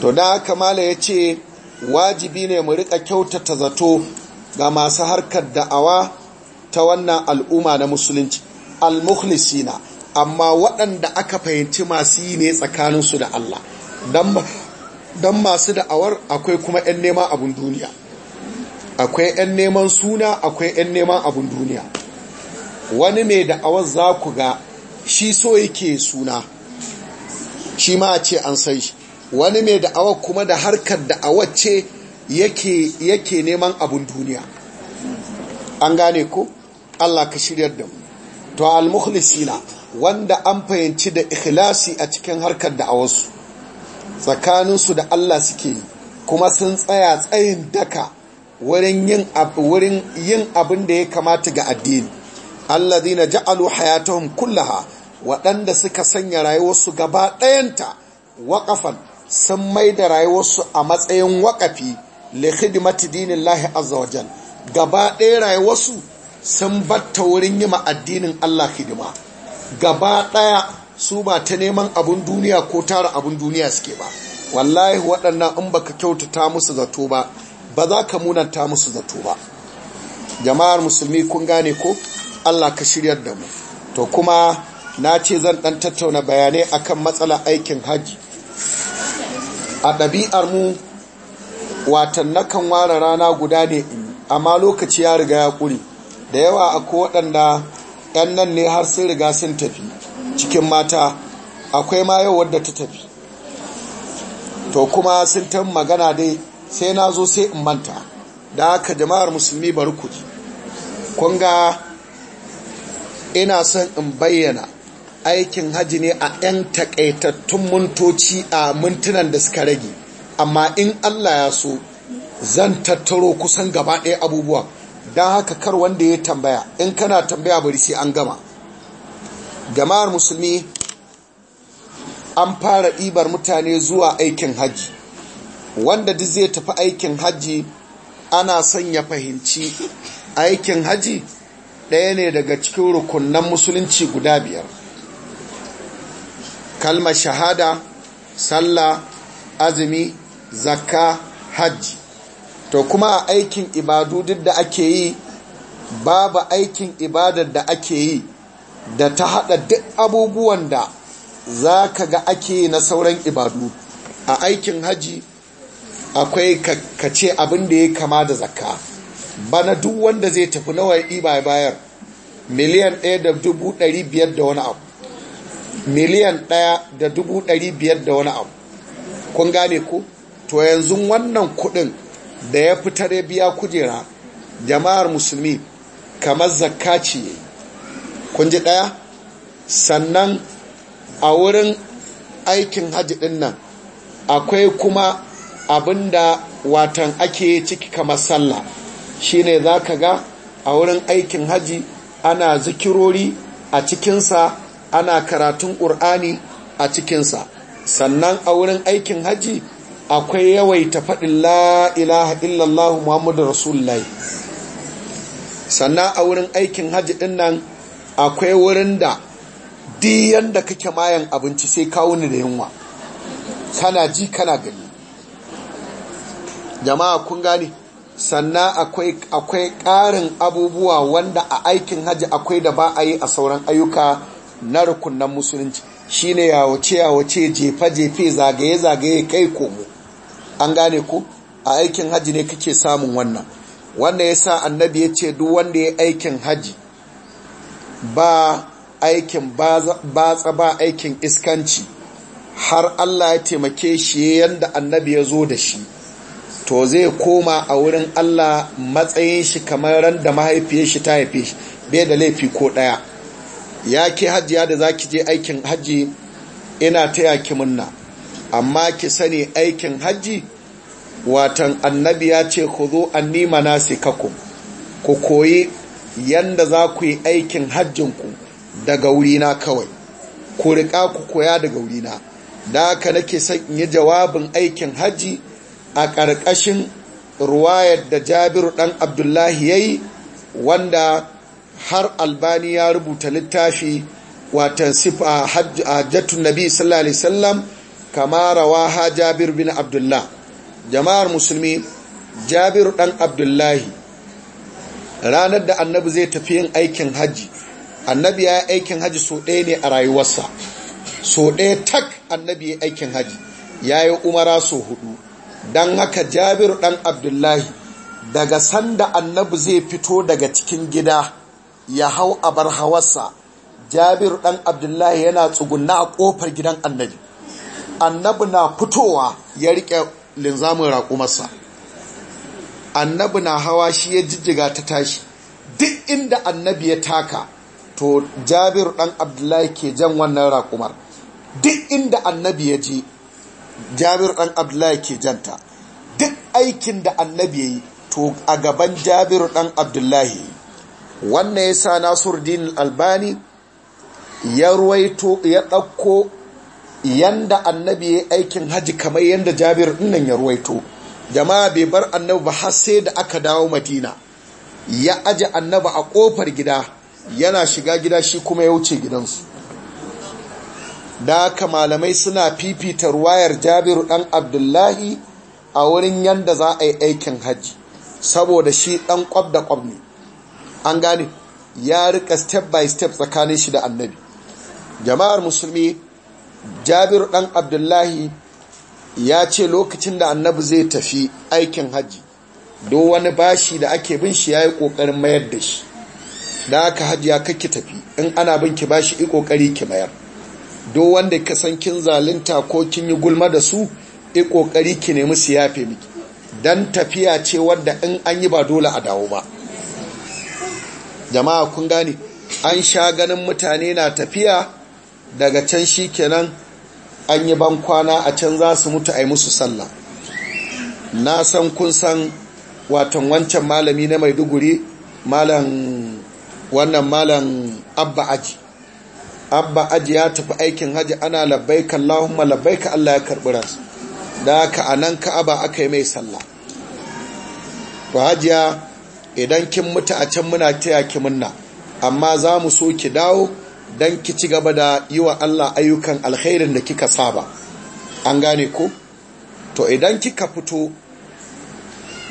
to da haka mala ya ce wajibi ne mu rika kyautata zato ga masu harkar da'awa ta wannan al'umma na musulunci al-mukhlisina amma waɗanda aka fahimci masu yi ne tsakaninsu da Allah don don masu da'awar akwai kuma 'yan neman abin duniya akwai 'yan neman suna akwai 'yan neman abin duniya wani mai da'awar za ku ga shi so yake suna shi ma ce an sai shi wani mai da'awar kuma da harkar da'awar ce yake neman abin duniya an gane ko Allah ka shiryar da mu to al-mukhlisina wanda an fahimci da ikhlasi a cikin harkar da'awarsu tsakaninsu da Allah suke yi kuma sun tsaya tsayin daka wurin yin abin da ya kamata ga addini alladhina ja'alu hayatuhum kullaha waɗanda suka sanya rayuwarsu gaba ɗayanta waƙafan sun mai da rayuwarsu a matsayin waƙafi li khidmati dinillahi azza wajal gaba ɗaya rayuwarsu sun batta wurin yi ma addinin Allah hidima gaba ɗaya su ba ta neman abun duniya ko tara abun duniya suke ba wallahi waɗannan in baka kyautata musu zato ba ba za ka munanta musu zato ba jama'ar musulmi kun gane ko Allah ka shiryar da mu to kuma na ce zan ɗan tattauna bayanai akan matsala aikin haji a ɗabi'ar mu watan nakan ware rana guda ne amma lokaci ya riga ya ƙuri da yawa akwai waɗanda 'yan nan ne har sun riga sun tafi cikin mata akwai ma yau wadda ta tafi to kuma sun ta magana dai sai na zo sai in manta da haka jama'ar musulmi bari ku kunga ina son in bayyana aikin haji ne a 'yan takaitattun mintoci a mintunan da suka rage amma in allah ya so zan tattaro kusan gaba ɗaya abubuwa don haka kar wanda ya tambaya in kana tambaya bari sai an gama jama'ar musulmi an fara ɗibar mutane zuwa aikin hajji wanda duk zai tafi aikin hajji ana son ya fahimci aikin hajji ɗaya ne daga cikin rukunan musulunci guda biyar kalmar shahada sallah azumi zakka hajji to kuma a aikin ibadu duk da ake yi babu aikin ibadar da ake yi da ta haɗa duk abubuwan da za ka ga ake na sauran ibadu a aikin haji akwai kace abin da ya kama da zakka bana duk wanda zai tafi nawa ya bayar miliyan ɗaya da dubu ɗari biyar da wani abu miliyan ɗaya da dubu ɗari biyar da wani abu kun gane ku to yanzu wannan kuɗin da ya fitar ya biya kujera jama'ar musulmi kamar zakka ce kun ji ɗaya sannan a wurin aikin hajji ɗin nan akwai kuma abinda watan ake ciki kamar sallah shine za ka ga a wurin aikin hajji ana zikirori a cikinsa ana karatun ƙur'ani a cikinsa sannan a wurin aikin hajji akwai yawaita faɗin la'ilaha illallahu muhammadu rasulullahi sannan a wurin aikin hajji ɗin nan akwai wurin da diyan da kake mayan abinci sai ni da yunwa kana ji kana gani jama'a kun gane sannan akwai ƙarin abubuwa wanda a aikin hajji akwai da ba a yi a sauran ayyuka na rukunan musulunci shine yawace yawace jefa-jefe zagaye-zagaye kai komo an gane ku a aikin hajji ne kake samun wannan wanda ya sa annabi ya ce duk wanda ya aikin hajji ba aikin batsa ba aikin iskanci har Allah ya taimake shi yadda annabi ya zo da shi to zai koma a wurin Allah matsayin shi kamar ran da mahaifiyar shi ta haife shi bai da laifi ko daya ya ke hajjiya da zaki je aikin hajji ina taya ki munna amma ki sani aikin hajji watan annabi ya ce ku zo nasi nasikakum ku koyi yanda za ku yi aikin hajjinku daga wurina kawai ku riƙa ku koya daga wurina da aka nake son yi jawabin aikin hajji a ƙarƙashin ruwayar da jabiru ɗan abdullahi ya yi wanda har albani ya rubuta littafi watan sifa hajjatun nabi sallallahu alaihi wasallam kama rawaha Jabiru bin Abdullahi. jama'ar musulmi Jabiru ɗan abdullahi ranar da annabi zai tafi yin aikin haji annabi ya yi aikin haji so ɗaya ne a rayuwarsa so ɗaya tak annabi ya aikin haji ya yi umara so hudu don haka jabiru ɗan abdullahi daga sanda annabi zai fito daga cikin gida ya hau abar hawarsa jabiru ɗan abdullahi yana tsugunna a ƙofar gidan annabi annabi na fitowa ya riƙe linzamin raƙumarsa annabi na hawa shi ya jijjiga ta tashi duk inda annabi ya taka to jabir dan abdullahi ke jan wannan raƙumar duk inda annabi ya je jabir dan abdullahi ke janta duk aikin da annabi ya yi to a gaban jabir dan abdullahi wannan ya sa nasiruddin albani ya ruwaito ya ɗauko yanda annabi ya aikin haji kamar yanda jabir ɗinnan ya ruwaito jama'a bai bar annabi ba har sai da aka dawo madina ya aje annabi a kofar gida yana shiga gida shi kuma ya wuce gidansu da haka malamai suna fifita ruwayar jabiru dan abdullahi a wurin yanda za a yi aikin hajji saboda shi dan kwab da kwab ne an gane ya rika step by step tsakanin shi da annabi jama'ar musulmi jabiru dan abdullahi ya ce lokacin da annabi zai tafi aikin hajji do wani bashi da ake bin shi ya yi ƙoƙarin mayar da shi da aka hajji ya kake tafi in ana bin ki bashi i kokari ki mayar do wanda ka san kin zalunta ko kin yi gulma da su i kokari ki nemi su yafe miki dan tafiya ce wadda in an yi ba dole a dawo ba jama'a kun gane an sha ganin mutane na tafiya daga can shi kenan an yi ban kwana a can za su mutu a yi musu sallah na san kun san watan wancan malami na maiduguri malam wannan malam abba aji abba aji ya tafi aikin haji ana labbaika allahumma labbaika allah ya karbi ransu da ka, a nan ka'aba aka yi mai sallah ba hajiya idan kin mutu a can muna taya ki munna amma za mu so ki dawo don ki ci gaba da yi wa Allah ayyukan alkhairin da kika saba an gane ko to idan kika fito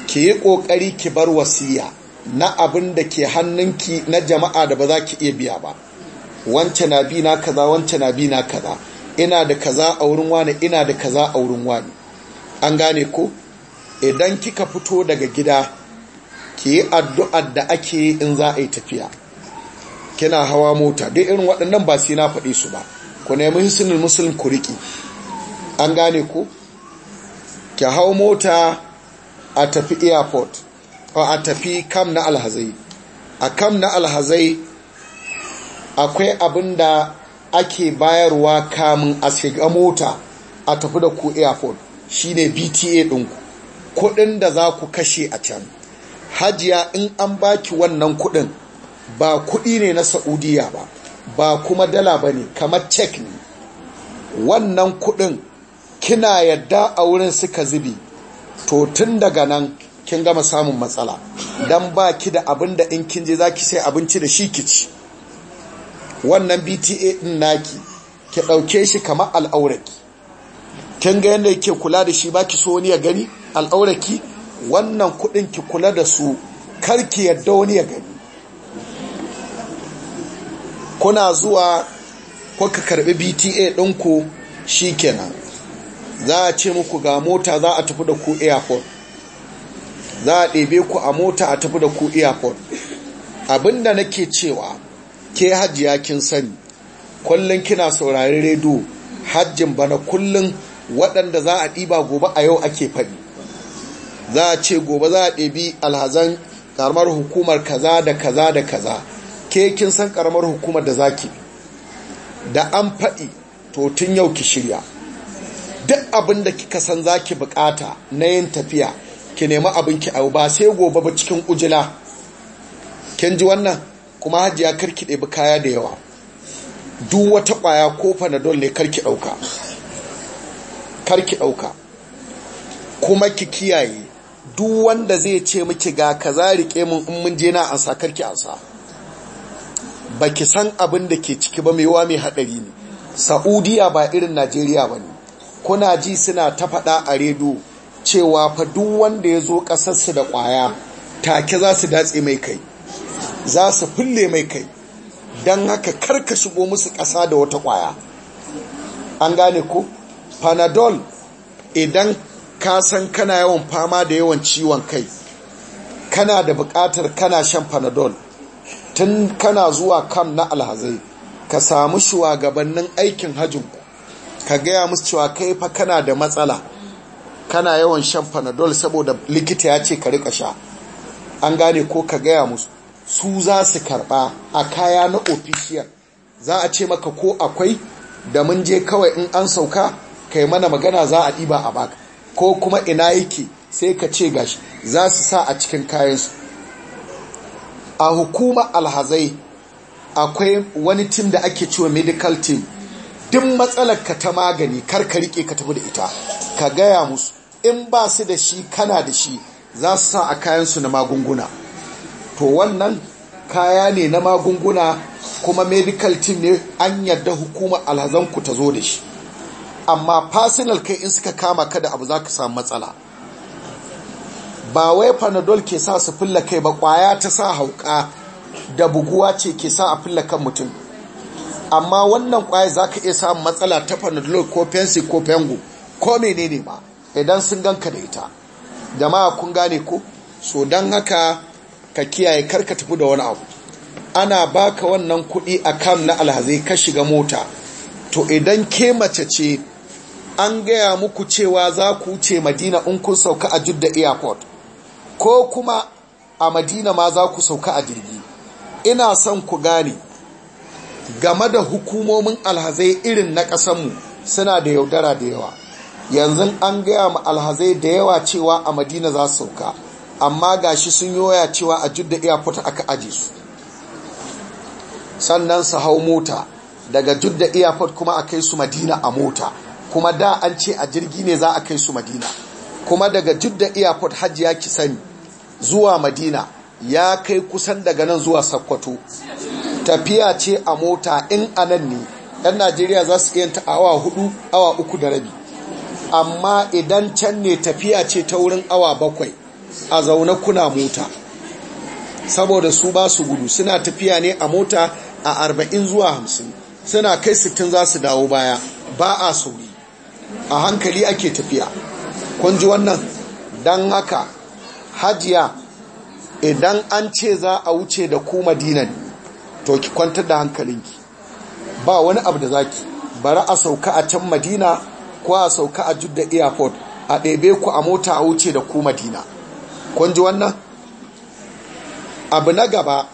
ki yi ƙoƙari ki bar wasiya na abin da ke hannunki na jama'a da ba za ki iya biya ba wance na bi na kaza wance na bi na kaza ina da kaza a wurin wani ina da kaza a wurin wani an gane ko idan kika fito daga gida ki yi addu'ar da ake in za a yi tafiya kina hawa mota duk irin waɗannan ba sai na faɗe su ba ku nemi hisnul muslim ku riki an gane ku ki hau mota a tafi airport a tafi kam na alhazai a kam na alhazai akwai abinda da ake bayarwa kamun a shiga mota a tafi da ku airport shine bta ɗinku kuɗin da za ku kashe a can hajiya in an baki wannan kuɗin ba kuɗi ne na saudiya ba ba kuma dala ba ne kamar cek ne wannan kuɗin kina yadda a wurin suka zubi to tun daga nan kin gama samun matsala don ba ki da abin da in kin je za ki sai abinci da shi ki ci wannan bta ɗin naki ki ɗauke shi kamar al'auraki kin ga yadda yake kula da shi ba ki so wani ya gani al'auraki wannan kuɗin ki kula da su kar ki yadda wani ya gani kuna zuwa kuka karbi bta ɗinku shi kenan za a ce muku ga mota za a tafi da ku airport za a ɗebe ku a mota a tafi da ku airport abinda nake cewa ke hajiya kin sani kullum kina saurari redo hajjin bana kullum waɗanda za a ɗiba gobe a yau ake faɗi za a ce gobe za a ɗebi alhazan karamar hukumar kaza da kaza da kaza ke kin san karamar hukumar da zaki da an faɗi to tun yau ki shirya duk abin da kika san zaki bukata na yin tafiya ki nemi abin ki abu ba sai gobe ba cikin ujila kin ji wannan kuma hajiya karki ɗebi kaya da yawa duk wata ƙwaya ko fanadol ne karki ɗauka karki ɗauka kuma ki kiyaye duk wanda zai ce miki ga ka za rike mun in mun je na ansa karki ansa ki san abin da ke ciki ba mai wa mai haɗari ne saudiya ba irin najeriya ba ne kuna ji suna ta faɗa a redo cewa fa duk wanda ya zo ƙasarsu da ƙwaya take za su datse mai kai za su fulle mai kai don haka karka shigo musu ƙasa da wata ƙwaya an gane ko panadol idan ka san kana yawan fama da yawan ciwon kai kana da buƙatar kana shan panadol tun kana zuwa kam na alhazai ka samu shugabannin aikin hajjinku ka gaya musu cewa kai fa kana da matsala kana yawan shan panadol saboda likita ya ce ka rika sha an gane ko ka gaya musu su za su karba a kaya na official za a ce maka ko akwai da mun je kawai in an sauka kai mana magana za a ɗiba a baka ko kuma ina yake sai ka ce gashi za su sa a cikin kayansu a hukuma alhazai akwai wani tim da ake cewa medical team din matsalar ka ta magani kar ka rike ka tafi da ita ka gaya musu in ba su da shi kana da shi za su sa a kayansu na magunguna to wannan kaya ne na magunguna kuma medical team ne an yarda hukumar alhazanku ta zo da shi amma fasinal kai in suka kama ka da abu za ka samu matsala ba wai panadol ke sa su fulla kai ba kwaya ta sa hauka da buguwa ce ke sa a fulla kan mutum amma wannan kwaya za ka iya samun matsala ta panadol ko fensi ko fengo ko menene ma idan sun ganka da ita jama'a kun gane ko so don haka ka kiyaye karka tafi da wani abu ana baka wannan kuɗi a kam na alhazai ka shiga mota to idan ke mace ce an gaya muku cewa za ku wuce madina in kun sauka a judda airport ko kuma a madina ma za ku sauka a jirgi ina son ku gane game da hukumomin alhazai irin na ƙasanmu suna da yaudara da yawa yanzu an gaya ma alhazai da yawa cewa a madina za su sauka amma gashi sun yoya cewa a judda airport aka aje su sannan su hau mota daga judda airport kuma a kai su madina a mota kuma da an ce a jirgi ne za a kai su madina kuma daga da airport hajji ya ki sani zuwa madina ya kai kusan daga nan zuwa sakkwato tafiya ce a mota in anan ne ɗan najeriya za su yanta awa hudu awa uku da rabi amma idan can ne tafiya ce ta wurin awa bakwai a zaune kuna mota saboda su ba su gudu suna tafiya ne a mota a arba'in zuwa hamsin suna kai sittin za su dawo baya ba a sauri a hankali ake tafiya kun ji wannan don haka hajiya idan an ce za a wuce da ku madina to ki kwantar da hankalinki ba wani abu da zaki bari a sauka a can madina ko a sauka a judda airport a ɗebe ku a mota a wuce da ku madina kun ji wannan abu na gaba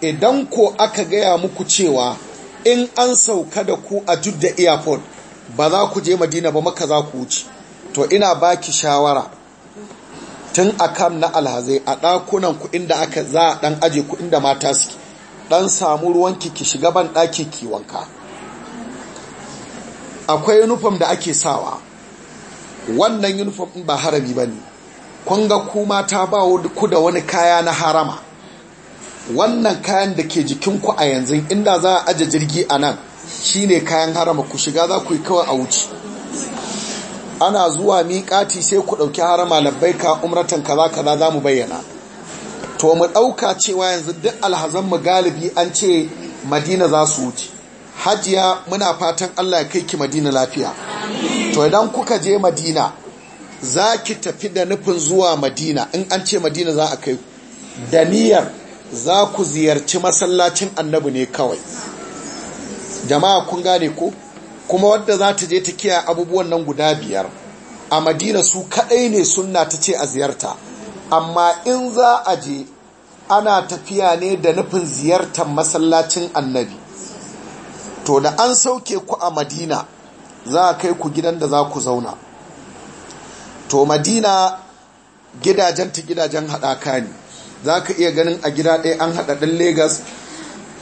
idan ko aka gaya muku cewa in an sauka da ku a judda airport ba za ku je madina ba maka za ku wuce to ina baki shawara tun akam na alhazai a ɗakunan kuɗin da aka za a ɗan aje kuɗin da mata suke ɗan samu ruwanki ki shiga ban ɗaki ki wanka akwai yunifom da ake sawa wannan ɗin ba harami ba ne kun ga ku mata ba ku da wani kaya na harama wannan kayan da ke jikinku a yanzu inda za a aje jirgi a nan shi ne kayan harama ku shiga za ku yi kawai a wuce ana zuwa miƙati sai ku ɗauki harama ka umratan kaza kaza za mu bayyana to mu ɗauka cewa yanzu duk alhazan mu galibi an ce madina za su wuce hajiya muna fatan allah ya kai ki madina lafiya to idan kuka je madina za ki tafi da nufin zuwa madina in an ce madina za a kai ku da niyyar za ku ziyarci masallacin annabi ne kawai jama'a kun gane ko kuma wadda za ta je ta kiya abubuwan nan guda biyar a madina su kadai ne sunna ta ce a ziyarta amma in za a je ana tafiya ne da nufin ziyartar masallacin annabi to da an sauke ku a madina za a kai ku gidan da za ku zauna to madina gidajen ta gidajen haɗaka ne za ka iya ganin a gida ɗaya an haɗa ɗan Legas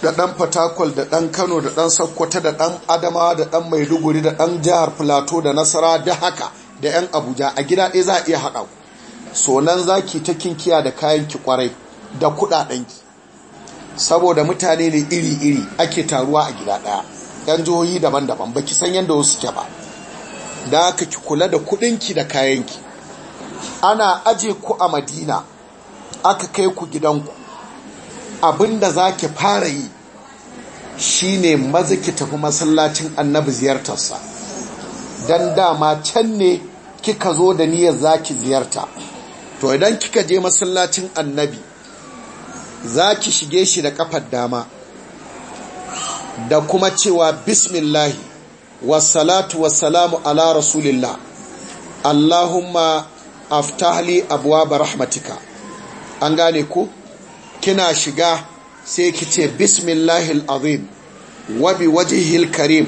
da ɗan fatakwal da ɗan kano da ɗan sakkwata da ɗan adamawa da ɗan maiduguri da ɗan jihar plateau da nasara da haka da 'yan abuja a gida ɗaya za a iya haɗa ku sonan zaki ta kinkiya da kayan ki kwarai da kuɗaɗen ki. saboda mutane ne iri-iri ake taruwa a gida ɗaya yan jihohi daban-daban baki san yadda wasu ke ba da haka ki kula da kuɗin ki da kayanki ana aje ku a madina aka kai ku gidanku abinda za ki fara yi shine ne ki tafi masallacin annabi ziyartarsa don dama can ne kika zo da niyyar za ki ziyarta to idan kika je masallacin annabi za ki shige shi da kafar dama da kuma cewa bismillahi wasalatu wasalamu ala rasulillah allahumma aftahli abuwa rahmatika an gane ku? kina shiga sai ki ce bismillahil azim wa bi wajhihil karim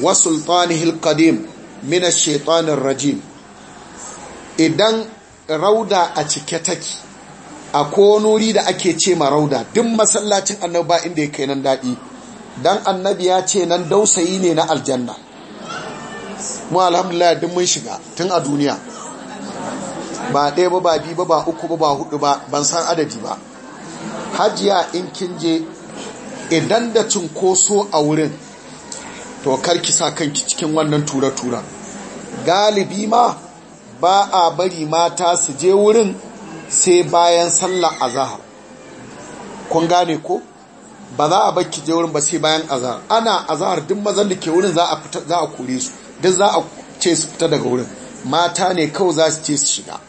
wa sultanihil qadim min ash rajim idan rauda a cike take a konori da ake ce ma rauda duk masallacin annabi ba inda ya kai nan dadi dan annabi ya ce nan dausayi ne na aljanna mu alhamdulillah duk mun shiga tun a duniya ba ɗaya ba ba biyu ba ba uku ba ba hudu ba ban san adadi ba hajiya in kin je idan da cinkoso a wurin to kar ki sa kanki cikin wannan tura-tura galibi ma ba a bari mata su je wurin sai bayan sallar azahar kun gane ko ba za a ki je wurin ba sai bayan azahar ana azahar duk mazan da ke wurin za a kore su duk za a ce su fita daga wurin mata ne kawai za su ce su shiga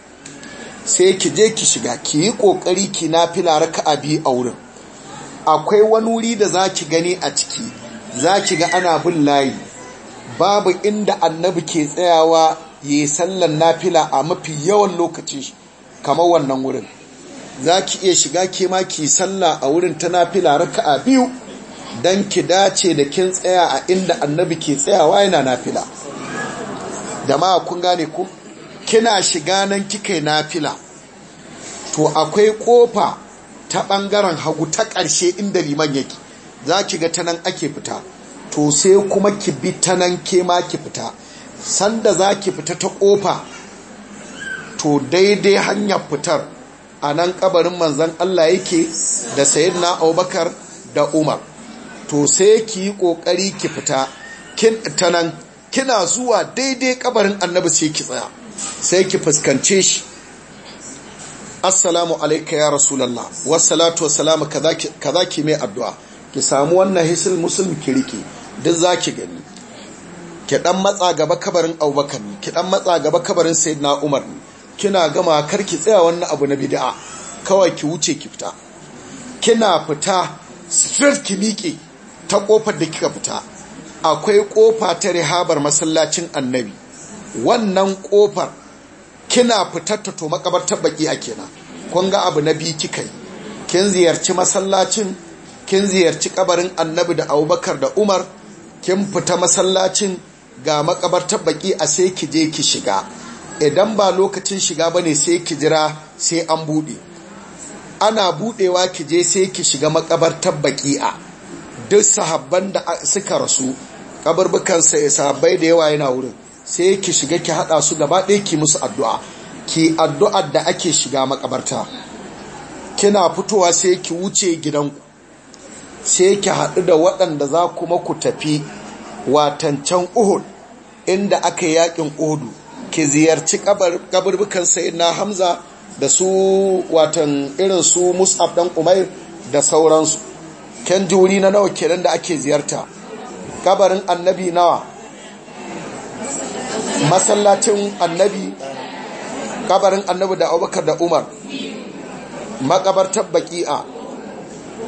sai ki je ki shiga ki yi kokari ki nafila raka'a biyu a wurin akwai wani wuri da za ki gani a ciki za ki ga ana bin layi babu inda annabi ke tsayawa ya yi sallan nafila a mafi yawan lokaci kamar wannan wurin za ki iya shiga ke ma ki salla a wurin ta nafila raka'a biyu don ki dace da kin tsaya a inda annabi ke tsayawa yana nafila jama'a kun gane ku kina shiga nan kika nafila to akwai kofa ta bangaren hagu ta ƙarshe inda liman yake za ki ga ta nan ake fita to sai kuma ki bi ta nan ke ma ki fita sanda za ki fita ta kofa to daidai hanyar fitar a nan kabarin manzan Allah yake da na Abubakar da Umar to sai ki yi kokari ki fita kin ta kina zuwa daidai ƙabarin annabi sai ki tsaya sai ki fuskance shi assalamu alaika ya rasulallah wassalatu wassalamu kaza ki mai addu'a ki samu wannan hisil muslim ki rike duk za ki gani ki dan matsa gaba kabarin abubakar ki dan matsa gaba kabarin sayyidina umar kina gama kar ki tsaya wannan abu na bid'a kawai ki wuce ki fita kina fita straight ki miƙe ta kofar da kika fita akwai kofa ta rihabar masallacin annabi wannan kofar kina fitatta to makabartar baki a kenan kun ga abu na biyu kika yi kin ziyarci masallacin kin ziyarci kabarin annabi da abubakar da umar kin fita masallacin ga makabartar baki a sai ki je ki shiga idan ba lokacin shiga ba ne sai ki jira sai an bude ana budewa ki je sai ki shiga makabartar baki a duk sahabban da suka rasu kabarbukan sahabbai da yawa yana wurin sai ki shiga ki hada su gaba ɗaya ki musu addu'a ki addu'a da ake shiga makabarta kina fitowa sai ki wuce gidanku sai ki haɗu da waɗanda za kuma ku tafi watancan uhud inda aka yaƙin uhudu ki ziyarci kaburbukan na hamza da su watan irin su mus'ab dan umair da sauransu kan juri na nawa kenan da ake ziyarta kabarin annabi nawa masallacin annabi kabarin annabi da abubakar da umar makabartar baki'a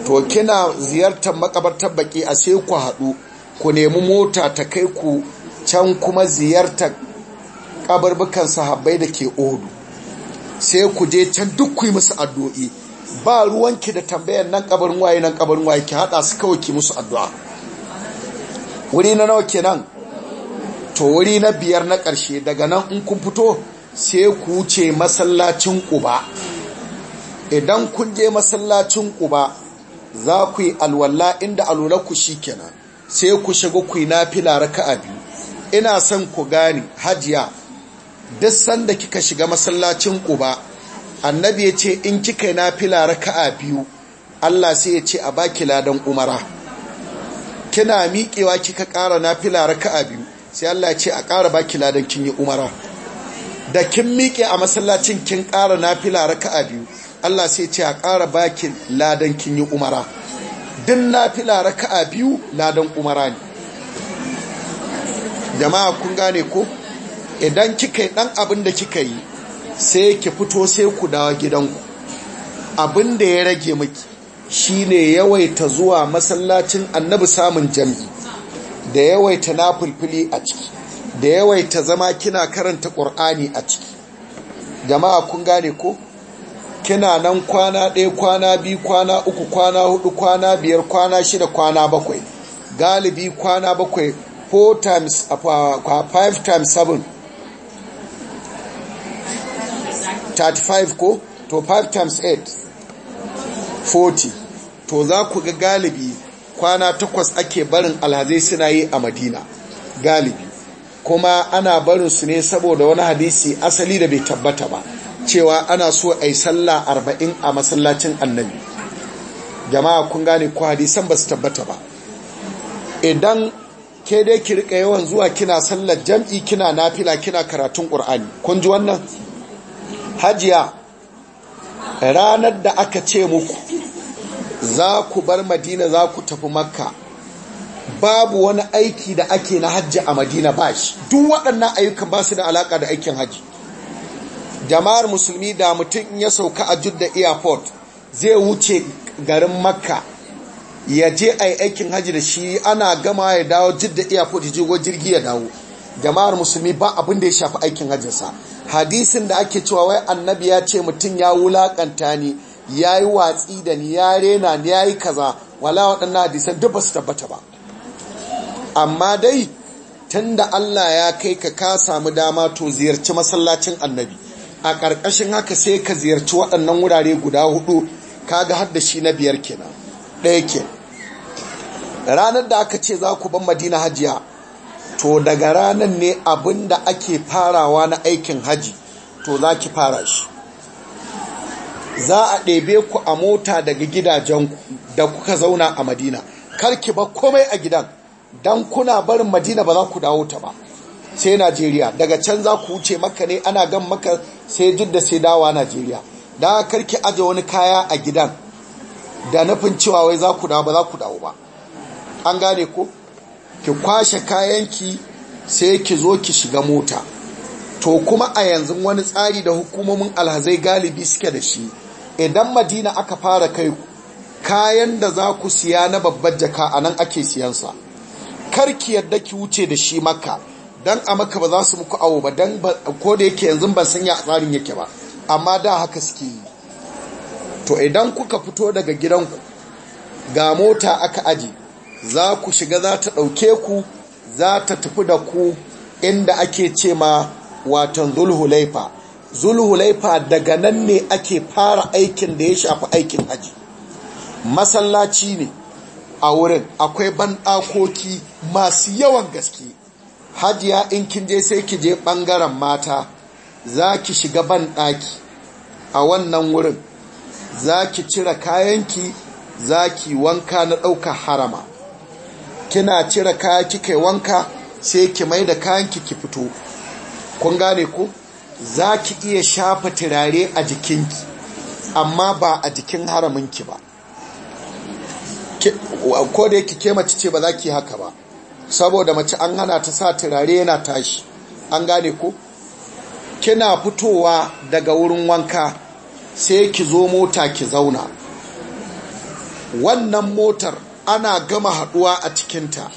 to kina ziyartar makabartar baki'a sai ku haɗu ku nemi mota ta kai ku can kuma ziyartar kabarbukan sahabbai da ke odu sai ku je can duk ku yi musu addu'o'i ba ruwanki da tambayar nan kabarin waye nan kabarin waye ki haɗa su kawai ki musu addu'a wuri na nawa kenan to wuri na biyar na ƙarshe daga nan in kun fito sai ku wuce masallacin ƙuba idan kun je masallacin ƙuba za ku yi alwala inda ku shi kenan sai ku shiga ku yi nafila a biyu ina son ku gane hajiya duk sanda kika shiga masallacin ƙuba annabi ya ce in kika yi nafila a biyu Allah sai ya ce a baki ladan umara kina miƙewa kika ƙara nafila a biyu sai Allah ce a ƙara baki ladan kin yi umara da kin miƙe a masallacin kin ƙara nafila raka'a biyu Allah sai ce a ƙara baki ladan kin yi umara din nafila raka'a biyu ladan umara ne jama'a kun gane ko idan kika yi ɗan abin da kika yi sai ki fito sai ku dawo gidanku abin da ya rage miki shine yawaita zuwa masallacin annabi samun jami'i da yawaita na fulfili a ciki da yawaita zama kina karanta ƙur'ani a ciki jama'a kun gane ko kina nan kwana ɗaya kwana biyu kwana uku kwana hudu kwana biyar kwana shida kwana bakwai galibi kwana bakwai 4 times 5 uh, uh, times 7 35 ko to 5 times 8 40 to za ku ga galibi kwana takwas ake barin alhazai suna yi a madina galibi kuma ana barin su ne saboda wani hadisi asali da bai tabbata ba cewa ana so a yi sallah arba'in a masallacin annabi jama'a kun gane ko hadisan ba su tabbata ba idan ke dai ki rika yawan zuwa kina sallar jam'i kina nafila kina karatun ƙur'ani kun ji wannan hajiya ranar da aka ce muku za ku bar madina za ku tafi makka babu wani aiki da ake na hajji a madina ba shi duk waɗannan ayyukan ba su da alaƙa da aikin hajji jama'ar musulmi da mutum ya sauka a judda airport zai wuce garin makka ya je a aikin hajji da shi ana gama ya dawo jidda airport ya wa jirgi ya dawo jama'ar musulmi ba abin da ya shafi aikin hajjinsa hadisin da ake cewa wai annabi ya ce mutum ya wulaƙanta ni ya yi watsi da ni ya rena ni ya yi kaza wala waɗannan hadisan duk ba su tabbata ba amma dai tun da Allah ya kai ka ka samu dama to ziyarci masallacin annabi a ƙarƙashin haka sai ka ziyarci waɗannan wurare guda hudu kaga har da shi na biyar kenan ɗaya ke ranar da aka ce za ku ban madina hajiya to daga ranar ne abin da ake farawa na aikin haji to za ki fara shi za a ɗebe ku a mota daga gidajenku da kuka zauna a madina karki ba komai a gidan don kuna barin madina ba za ku dawo ta ba sai najeriya daga can za ku wuce maka ne ana gan maka sai jidda sai dawa najeriya da karki aje wani kaya a gidan da nufin cewa wai za ku dawo ba za ku dawo ba an gane ko ki kwashe kayanki sai ki zo ki shiga mota to kuma a yanzu wani tsari da hukumomin alhazai galibi suke da shi idan madina aka fara kai kayan da za ku siya na babbar jaka a nan ake siyansa karki yadda ki wuce da shi maka don a maka ba za su muku awo ba don ko da yake yanzu ban sanya a tsarin yake ba amma da haka suke yi to idan kuka fito daga gidanku ga mota aka aji za ku shiga za ta ɗauke ku za ta tafi da ku inda ake ce ma watan zulhulaifa zulhulaifa daga nan ne ake fara aikin da ya shafi aikin haji masallaci ne a wurin akwai banɗakoki masu yawan gaske hajiya in kin je sai ki je ɓangaren mata za ki shiga banɗaki a wannan wurin za ki cire kayanki za ki wanka na ɗauka harama kina cire kaya kika wanka sai ki mai da kayanki ki fito kun gane ku? za ki iya shafa turare a jikinki amma ba a jikin haraminki ba ko da yake ke mace ce ba za ki haka ba saboda mace an hana ta sa turare yana tashi an gane ko kina fitowa daga wurin wanka sai ki zo mota ki zauna wannan motar ana gama haduwa a cikinta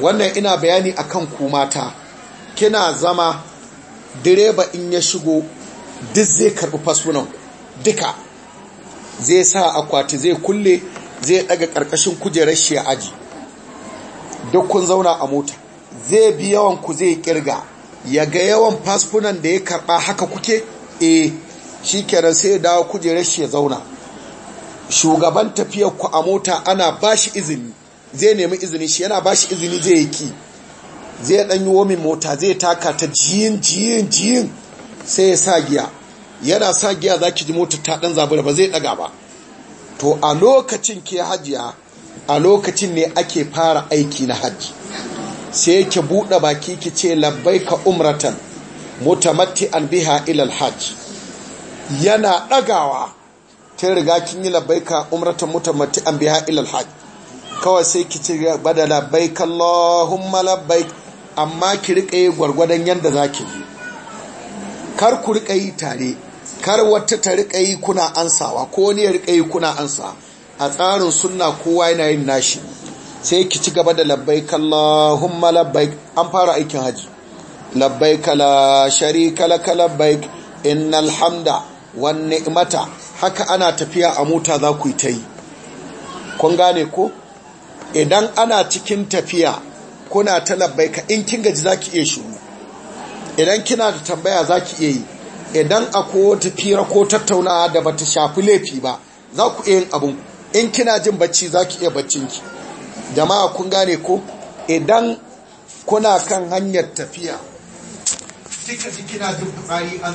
wannan ina bayani akan kumata kina zama direba in ya shigo duk zai karɓi fasfunan duka zai sa akwati zai kulle zai daga karkashin kujerar shi ya aji duk kun zauna a mota zai bi yawan ku zai kirga ya ga yawan fasfunan da ya karɓa haka kuke e shi kenan sai ya dawo kujerar shi ya zauna shugaban tafiyar ku a mota ana ba shi izini zai nemi izini shi yana ba shi izini zai yi ki zai dan yi womin mota zai taka ta jiyin jiyin jiyin sai ya sa giya yana sa giya za ki ji mota ta dan zabura ba zai daga ba to a lokacin ke hajiya a lokacin ne ake fara aiki na hajji sai yake buɗe baki ki ce ka umratan an biha ilal hajj yana dagawa ta riga kin yi ka umratan an biha ilal hajj kawai sai ki ce bada ka allahumma labbaik amma ki rika yi gwargwadon yadda za ki yi kar ku rika tare kar wata ta rika kuna ansawa ko ne ya rika kuna ansa a tsarin sunna kowa yana yin nashi sai ki ci gaba da labbaik Allahumma labbaik an fara aikin haji labbaik la sharika kala labbaik innal hamda wan ni'mata haka ana tafiya a mota za ku yi ta yi kun gane ko idan ana cikin tafiya kuna ta ka in kin gaji zaki iya shiru idan kina da tambaya zaki iya yi idan akwai wata fira ko tattaunawa da bata shafi laifi ba za ku iya yin abin in kina jin bacci zaki iya baccin ki jama'a kun gane ko idan kuna kan hanyar tafiya kika ji kina jin fitsari an